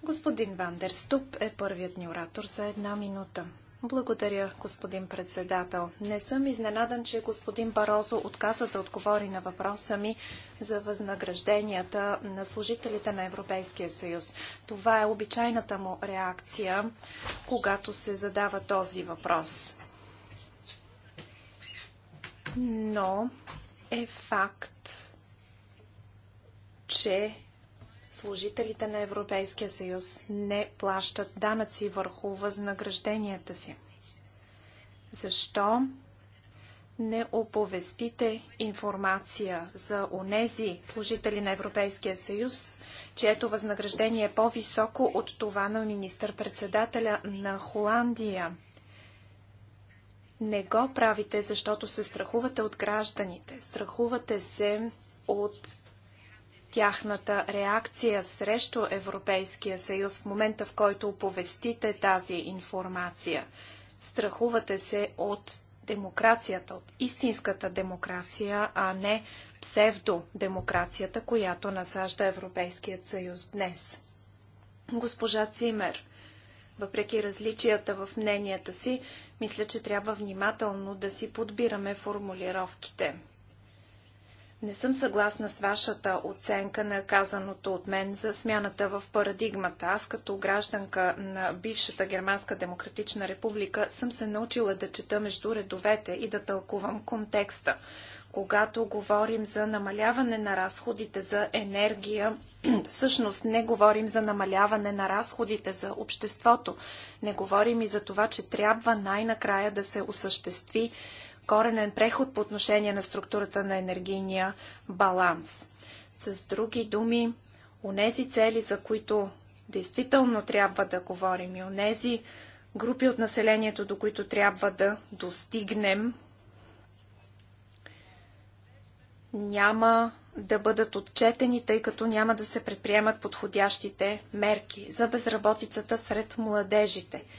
Господин Вандерступ е първият ни оратор за една минута. Благодаря, господин председател. Не съм изненадан, че господин Барозо отказа да отговори на въпроса ми за възнагражденията на служителите на Европейския съюз. Това е обичайната му реакция, когато се задава този въпрос. Но е факт, че служителите на Европейския съюз не плащат данъци върху възнагражденията си? Защо не оповестите информация за онези служители на Европейския съюз, чието възнаграждение е по-високо от това на министър-председателя на Холандия? Не го правите, защото се страхувате от гражданите. Страхувате се от тяхната реакция срещу Европейския съюз в момента, в който оповестите тази информация? Страхувате се от демокрацията, от истинската демокрация, а не псевдодемокрацията, която насажда Европейският съюз днес. Госпожа Цимер, въпреки различията в мненията си, мисля, че трябва внимателно да си подбираме формулировките. Не съм съгласна с вашата оценка на казаното от мен за смяната в парадигмата. Аз като гражданка на бившата Германска демократична република съм се научила да чета между редовете и да тълкувам контекста. Когато говорим за намаляване на разходите за енергия, всъщност не говорим за намаляване на разходите за обществото. Не говорим и за това, че трябва най-накрая да се осъществи коренен преход по отношение на структурата на енергийния баланс. С други думи, онези цели, за които действително трябва да говорим и онези групи от населението, до които трябва да достигнем, няма да бъдат отчетени, тъй като няма да се предприемат подходящите мерки за безработицата сред младежите –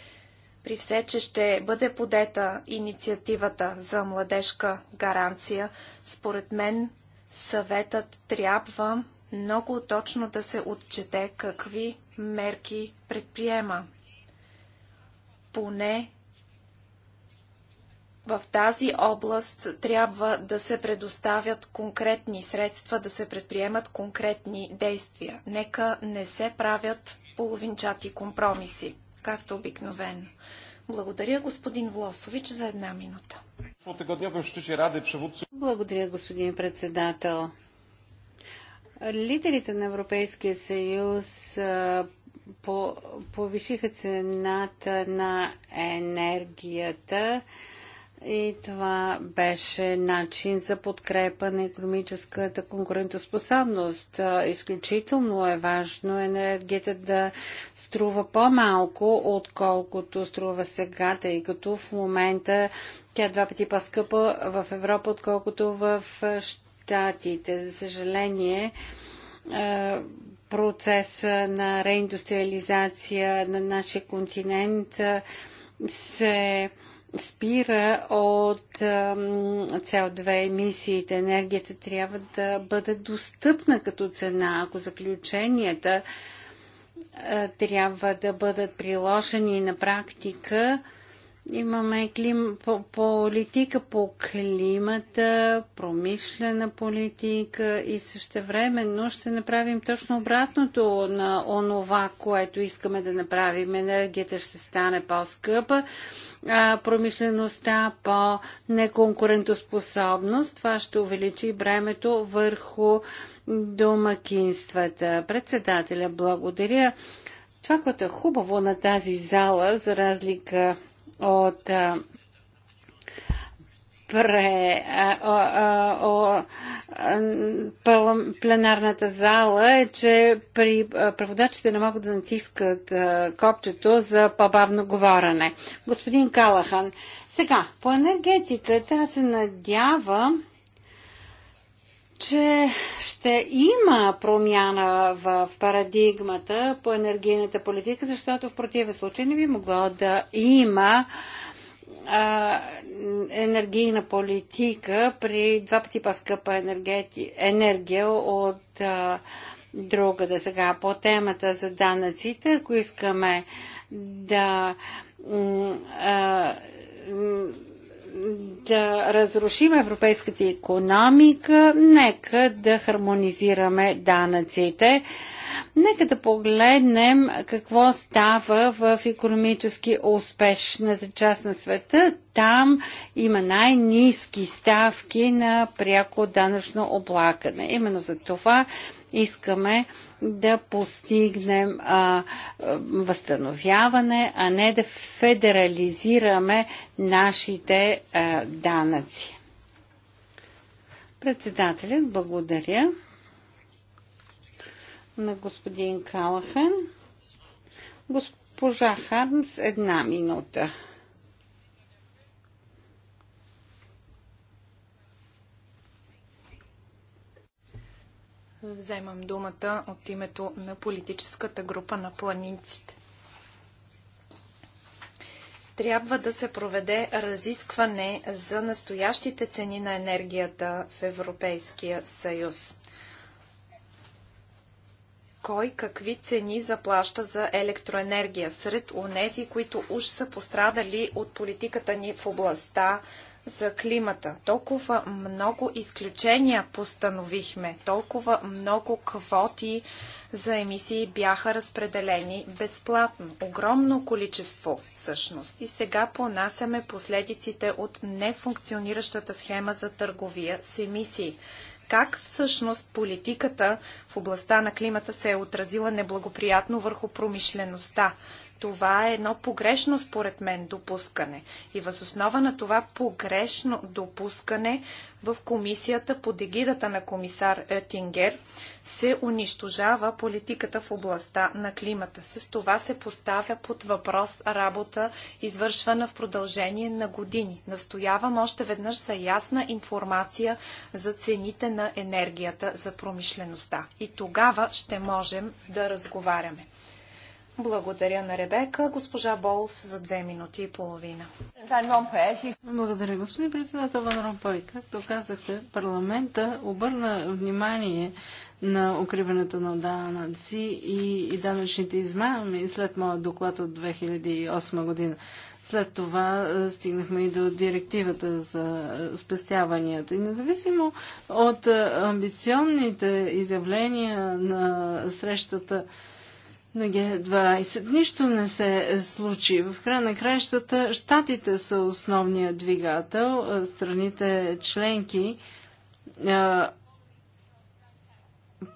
при все, че ще бъде подета инициативата за младежка гаранция, според мен съветът трябва много точно да се отчете какви мерки предприема. Поне в тази област трябва да се предоставят конкретни средства, да се предприемат конкретни действия. Нека не се правят половинчати компромиси както обикновено. Благодаря, господин Влосович, за една минута. Благодаря, господин председател. Лидерите на Европейския съюз повишиха цената на енергията и това беше начин за подкрепа на економическата конкурентоспособност. Изключително е важно енергията да струва по-малко, отколкото струва сега, тъй като в момента тя е два пъти по-скъпа в Европа, отколкото в Штатите. За съжаление, процеса на реиндустриализация на нашия континент се спира от CO2 емисиите. Енергията трябва да бъде достъпна като цена, ако заключенията трябва да бъдат приложени на практика Имаме клим, по, политика по климата, промишлена политика и същевременно ще направим точно обратното на онова, което искаме да направим. Енергията ще стане по-скъпа, промишлеността по-неконкурентоспособност. Това ще увеличи бремето върху домакинствата. Председателя, благодаря. Това, което е хубаво на тази зала, за разлика от пре, а, а, а, а, пленарната зала е, че при преводачите не могат да натискат а, копчето за по-бавно говорене. Господин Калахан, сега, по енергетиката аз се надявам, че ще има промяна в парадигмата по енергийната политика, защото в противен случай не би могло да има а, енергийна политика при два пъти по-скъпа енергия от а, друга. Да сега по темата за данъците, ако искаме да а, да разрушим европейската економика, нека да хармонизираме данъците. Нека да погледнем какво става в економически успешната част на света. Там има най-низки ставки на пряко данъчно облакане. Именно за това искаме да постигнем а, възстановяване, а не да федерализираме нашите а, данъци. Председателят, благодаря на господин Калахен. Госпожа Хармс, една минута. Вземам думата от името на политическата група на планиците. Трябва да се проведе разискване за настоящите цени на енергията в Европейския съюз. Кой какви цени заплаща за електроенергия сред онези, които уж са пострадали от политиката ни в областта за климата. Толкова много изключения постановихме, толкова много квоти за емисии бяха разпределени безплатно. Огромно количество всъщност. И сега понасяме последиците от нефункциониращата схема за търговия с емисии как всъщност политиката в областта на климата се е отразила неблагоприятно върху промишлеността. Това е едно погрешно, според мен, допускане. И възоснова на това погрешно допускане в комисията под егидата на комисар Етингер се унищожава политиката в областта на климата. С това се поставя под въпрос работа, извършвана в продължение на години. Настоявам още веднъж за ясна информация за цените на енергията за промишлеността. И тогава ще можем да разговаряме. Благодаря на Ребека. Госпожа Болс за две минути и половина. Благодаря, господин председател Ван Ромпой. Както казахте, парламента обърна внимание на укриването на данъци и, и данъчните измами след моя доклад от 2008 година. След това стигнахме и до директивата за спестяванията. И независимо от амбиционните изявления на срещата на Г-20. Нищо не се случи. В края на краищата щатите са основният двигател, страните членки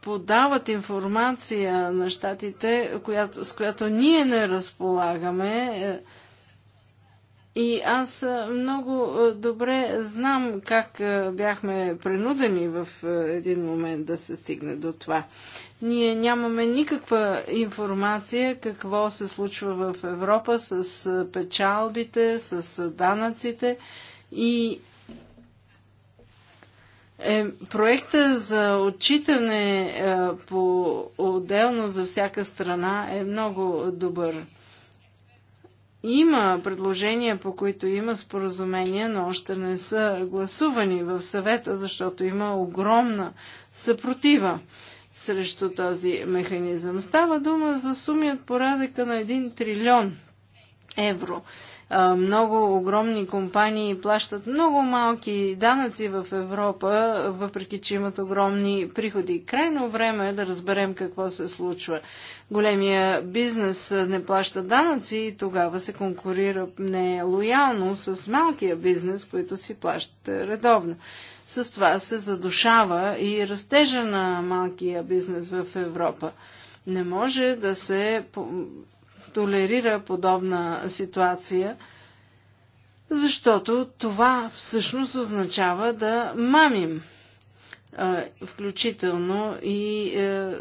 подават информация на щатите, която, с която ние не разполагаме и аз много добре знам как бяхме принудени в един момент да се стигне до това. Ние нямаме никаква информация какво се случва в Европа с печалбите, с данъците и е, проекта за отчитане е, по отделно за всяка страна е много добър. Има предложения, по които има споразумения, но още не са гласувани в съвета, защото има огромна съпротива срещу този механизъм. Става дума за суми от порадъка на 1 трилион евро много огромни компании плащат много малки данъци в Европа, въпреки че имат огромни приходи. Крайно време е да разберем какво се случва. Големия бизнес не плаща данъци и тогава се конкурира нелоялно с малкия бизнес, който си плащат редовно. С това се задушава и растежа на малкия бизнес в Европа. Не може да се толерира подобна ситуация, защото това всъщност означава да мамим, включително и е,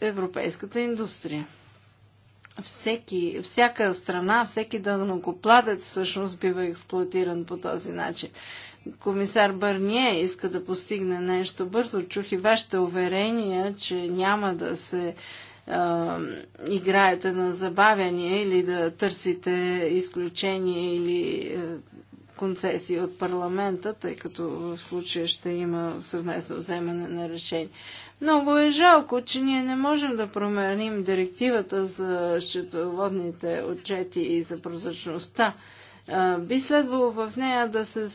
европейската индустрия. Всеки, всяка страна, всеки дълнокопладец всъщност бива експлуатиран по този начин. Комисар Бърние иска да постигне нещо бързо. Чух и вашите уверения, че няма да се играете на забавяне или да търсите изключение или е, концесии от парламента, тъй като в случая ще има съвместно вземане на решение. Много е жалко, че ние не можем да променим директивата за счетоводните отчети и за прозрачността. Би следвало в нея да се...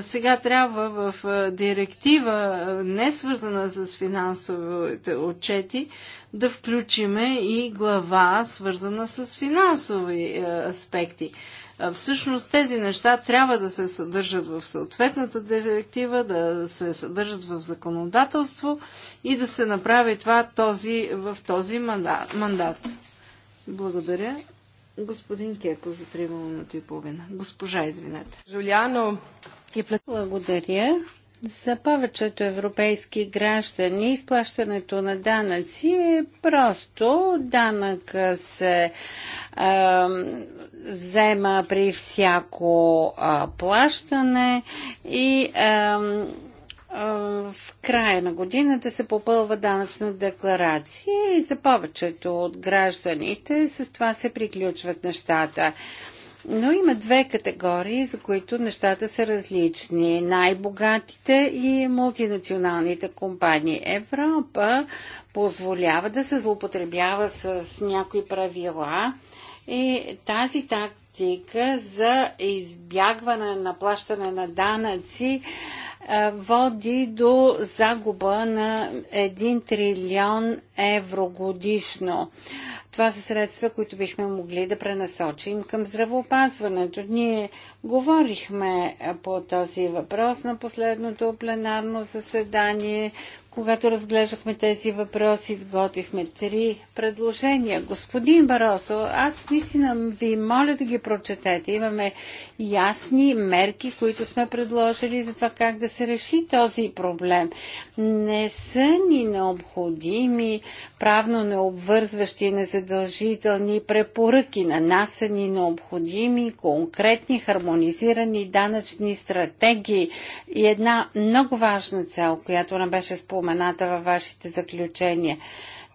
Сега трябва в директива, не свързана с финансовите отчети, да включиме и глава, свързана с финансови е, аспекти. Всъщност тези неща трябва да се съдържат в съответната директива, да се съдържат в законодателство и да се направи това този, в този мандат. мандат. Благодаря. Господин Кеко за 3 минути и половина. Госпожа, извинете. Жуляно, е плет... благодаря. За повечето европейски граждани изплащането на данъци е просто данък се е, взема при всяко е, плащане и е, в края на годината се попълва данъчна декларация и за повечето от гражданите с това се приключват нещата. Но има две категории, за които нещата са различни. Най-богатите и мултинационалните компании. Европа позволява да се злоупотребява с някои правила и тази тактика за избягване на плащане на данъци води до загуба на 1 трилион евро годишно. Това са средства, които бихме могли да пренасочим към здравеопазването. Ние говорихме по този въпрос на последното пленарно заседание. Когато разглеждахме тези въпроси, изготвихме три предложения. Господин Баросо, аз наистина ви моля да ги прочетете. Имаме ясни мерки, които сме предложили за това как да се реши този проблем. Не са ни необходими правно необвързващи незадължителни препоръки. На нас са ни необходими конкретни хармонизирани данъчни стратегии и една много важна цел, която нам беше спомената спомената във вашите заключения.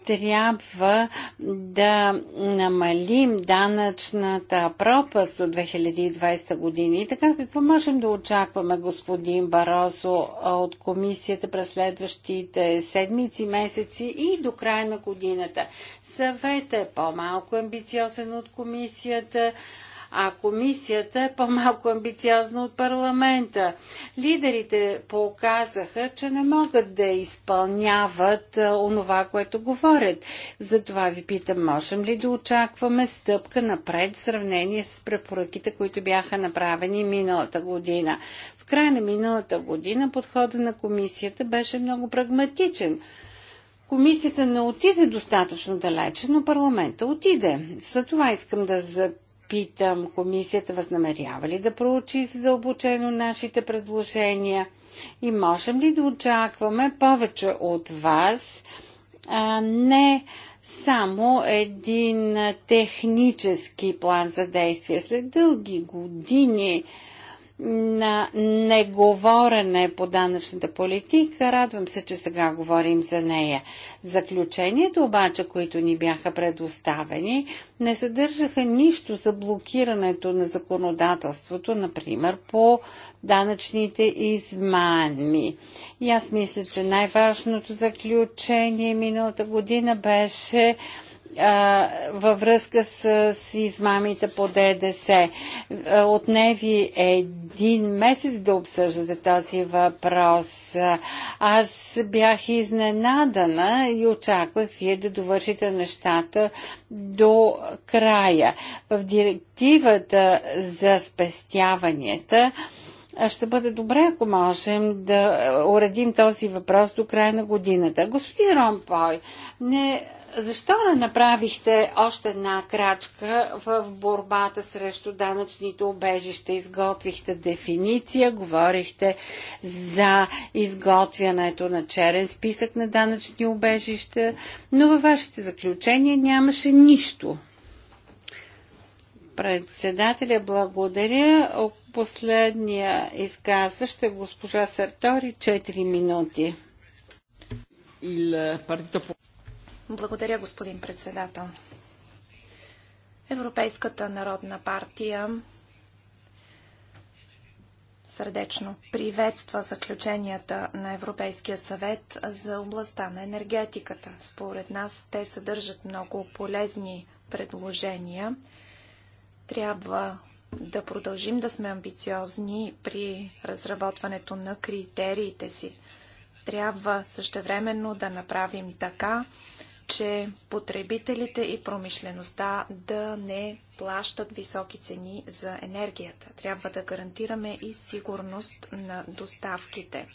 Трябва да намалим данъчната пропаст от 2020 година. И така, какво можем да очакваме, господин Барозо, от комисията през следващите седмици, месеци и до края на годината? Съветът е по-малко амбициозен от комисията а комисията е по-малко амбициозна от парламента. Лидерите показаха, че не могат да изпълняват е, онова, което говорят. Затова ви питам, можем ли да очакваме стъпка напред в сравнение с препоръките, които бяха направени миналата година? В края на миналата година подхода на комисията беше много прагматичен. Комисията не отиде достатъчно далече, но парламента отиде. За това искам да запитам питам комисията възнамерява ли да проучи задълбочено нашите предложения и можем ли да очакваме повече от вас, а не само един технически план за действие. След дълги години на неговорене по данъчната политика. Радвам се, че сега говорим за нея. Заключението обаче, които ни бяха предоставени, не съдържаха нищо за блокирането на законодателството, например по данъчните измами. И аз мисля, че най-важното заключение миналата година беше а, във връзка с, с измамите по ДДС. Отневи един месец да обсъждате този въпрос. Аз бях изненадана и очаквах вие да довършите нещата до края. В директивата за спестяванията ще бъде добре, ако можем да уредим този въпрос до края на годината. Господин Ромпой, не защо не направихте още една крачка в борбата срещу данъчните обежища? Изготвихте дефиниция, говорихте за изготвянето на черен списък на данъчни обежища, но във вашите заключения нямаше нищо. Председателя, благодаря. Последния изказваща е госпожа Сартори, 4 минути. Э, благодаря, господин председател. Европейската народна партия сърдечно приветства заключенията на Европейския съвет за областта на енергетиката. Според нас те съдържат много полезни предложения. Трябва да продължим да сме амбициозни при разработването на критериите си. Трябва същевременно да направим така, че потребителите и промишлеността да не плащат високи цени за енергията. Трябва да гарантираме и сигурност на доставките.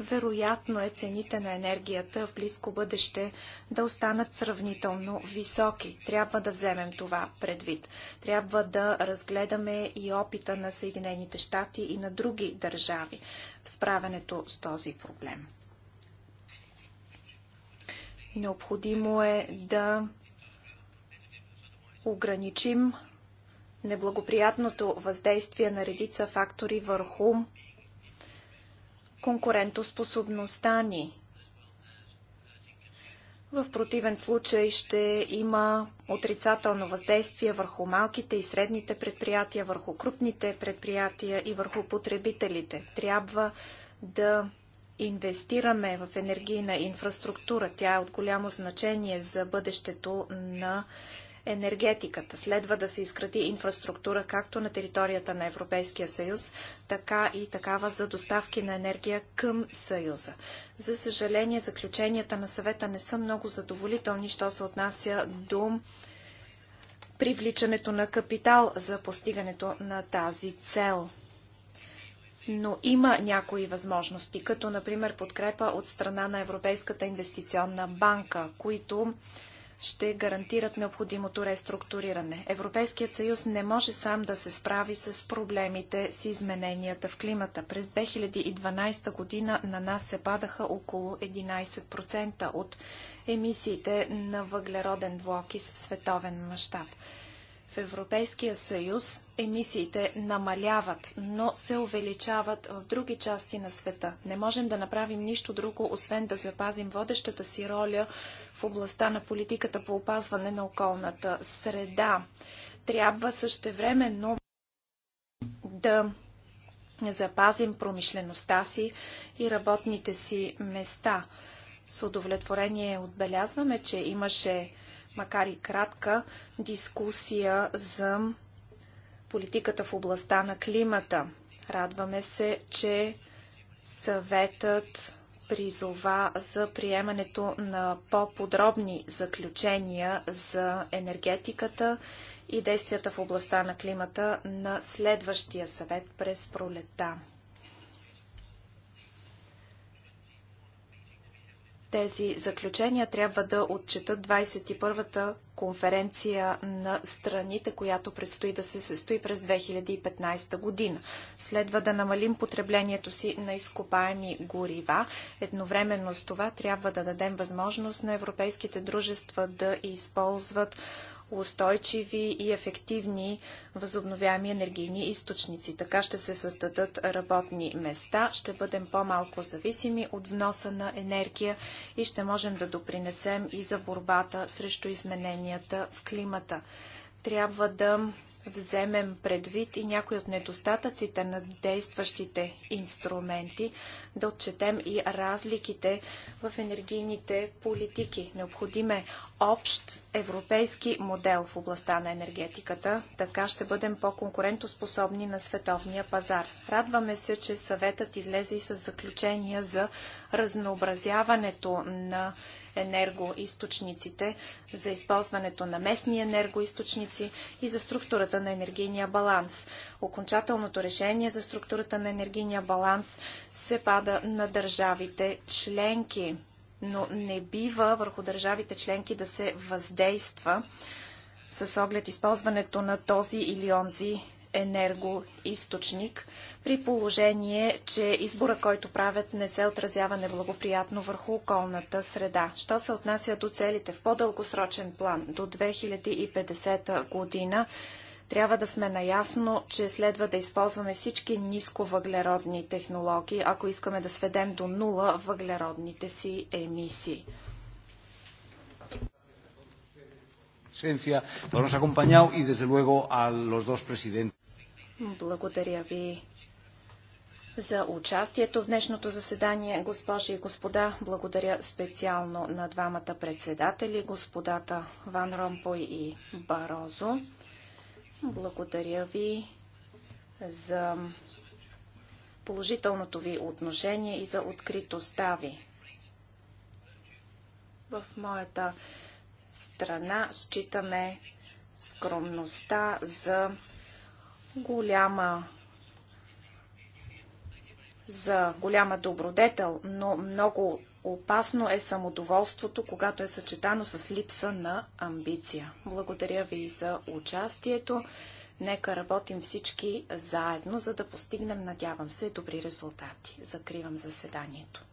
Вероятно е цените на енергията в близко бъдеще да останат сравнително високи. Трябва да вземем това предвид. Трябва да разгледаме и опита на Съединените щати и на други държави в справянето с този проблем. Необходимо е да ограничим неблагоприятното въздействие на редица фактори върху конкурентоспособността ни. В противен случай ще има отрицателно въздействие върху малките и средните предприятия, върху крупните предприятия и върху потребителите. Трябва да инвестираме в енергийна инфраструктура. Тя е от голямо значение за бъдещето на енергетиката. Следва да се изгради инфраструктура както на територията на Европейския съюз, така и такава за доставки на енергия към съюза. За съжаление, заключенията на съвета не са много задоволителни, що се отнася до привличането на капитал за постигането на тази цел но има някои възможности, като например подкрепа от страна на Европейската инвестиционна банка, които ще гарантират необходимото реструктуриране. Европейският съюз не може сам да се справи с проблемите с измененията в климата. През 2012 година на нас се падаха около 11% от емисиите на въглероден двуокис в световен мащаб. В Европейския съюз емисиите намаляват, но се увеличават в други части на света. Не можем да направим нищо друго, освен да запазим водещата си роля в областта на политиката по опазване на околната среда. Трябва същевременно да запазим промишлеността си и работните си места. С удовлетворение отбелязваме, че имаше макар и кратка, дискусия за политиката в областта на климата. Радваме се, че съветът призова за приемането на по-подробни заключения за енергетиката и действията в областта на климата на следващия съвет през пролета. Тези заключения трябва да отчетат 21-та конференция на страните, която предстои да се състои през 2015 година. Следва да намалим потреблението си на изкопаеми горива. Едновременно с това трябва да дадем възможност на европейските дружества да използват устойчиви и ефективни възобновяеми енергийни източници. Така ще се създадат работни места, ще бъдем по-малко зависими от вноса на енергия и ще можем да допринесем и за борбата срещу измененията в климата. Трябва да вземем предвид и някои от недостатъците на действащите инструменти, да отчетем и разликите в енергийните политики. Необходим е общ европейски модел в областта на енергетиката, така ще бъдем по-конкурентоспособни на световния пазар. Радваме се, че съветът излезе и с заключения за разнообразяването на енергоисточниците, за използването на местни енергоисточници и за структурата на енергийния баланс. Окончателното решение за структурата на енергийния баланс се пада на държавите членки, но не бива върху държавите членки да се въздейства с оглед използването на този или онзи енергоисточник, при положение, че избора, който правят, не се отразява неблагоприятно върху околната среда. Що се отнася до целите в по-дългосрочен план до 2050 година, трябва да сме наясно, че следва да използваме всички нисковъглеродни технологии, ако искаме да сведем до нула въглеродните си емисии. presencia, por acompañado y, desde luego, a los dos presidentes. Благодаря ви за участието в днешното заседание, госпожи и господа. Благодаря специално на двамата председатели, господата Ван Ромпой и Барозо. Благодаря ви за положителното ви отношение и за откритостта ви. В моята страна считаме скромността за голяма за голяма добродетел, но много опасно е самодоволството, когато е съчетано с липса на амбиция. Благодаря ви за участието. Нека работим всички заедно, за да постигнем, надявам се, добри резултати. Закривам заседанието.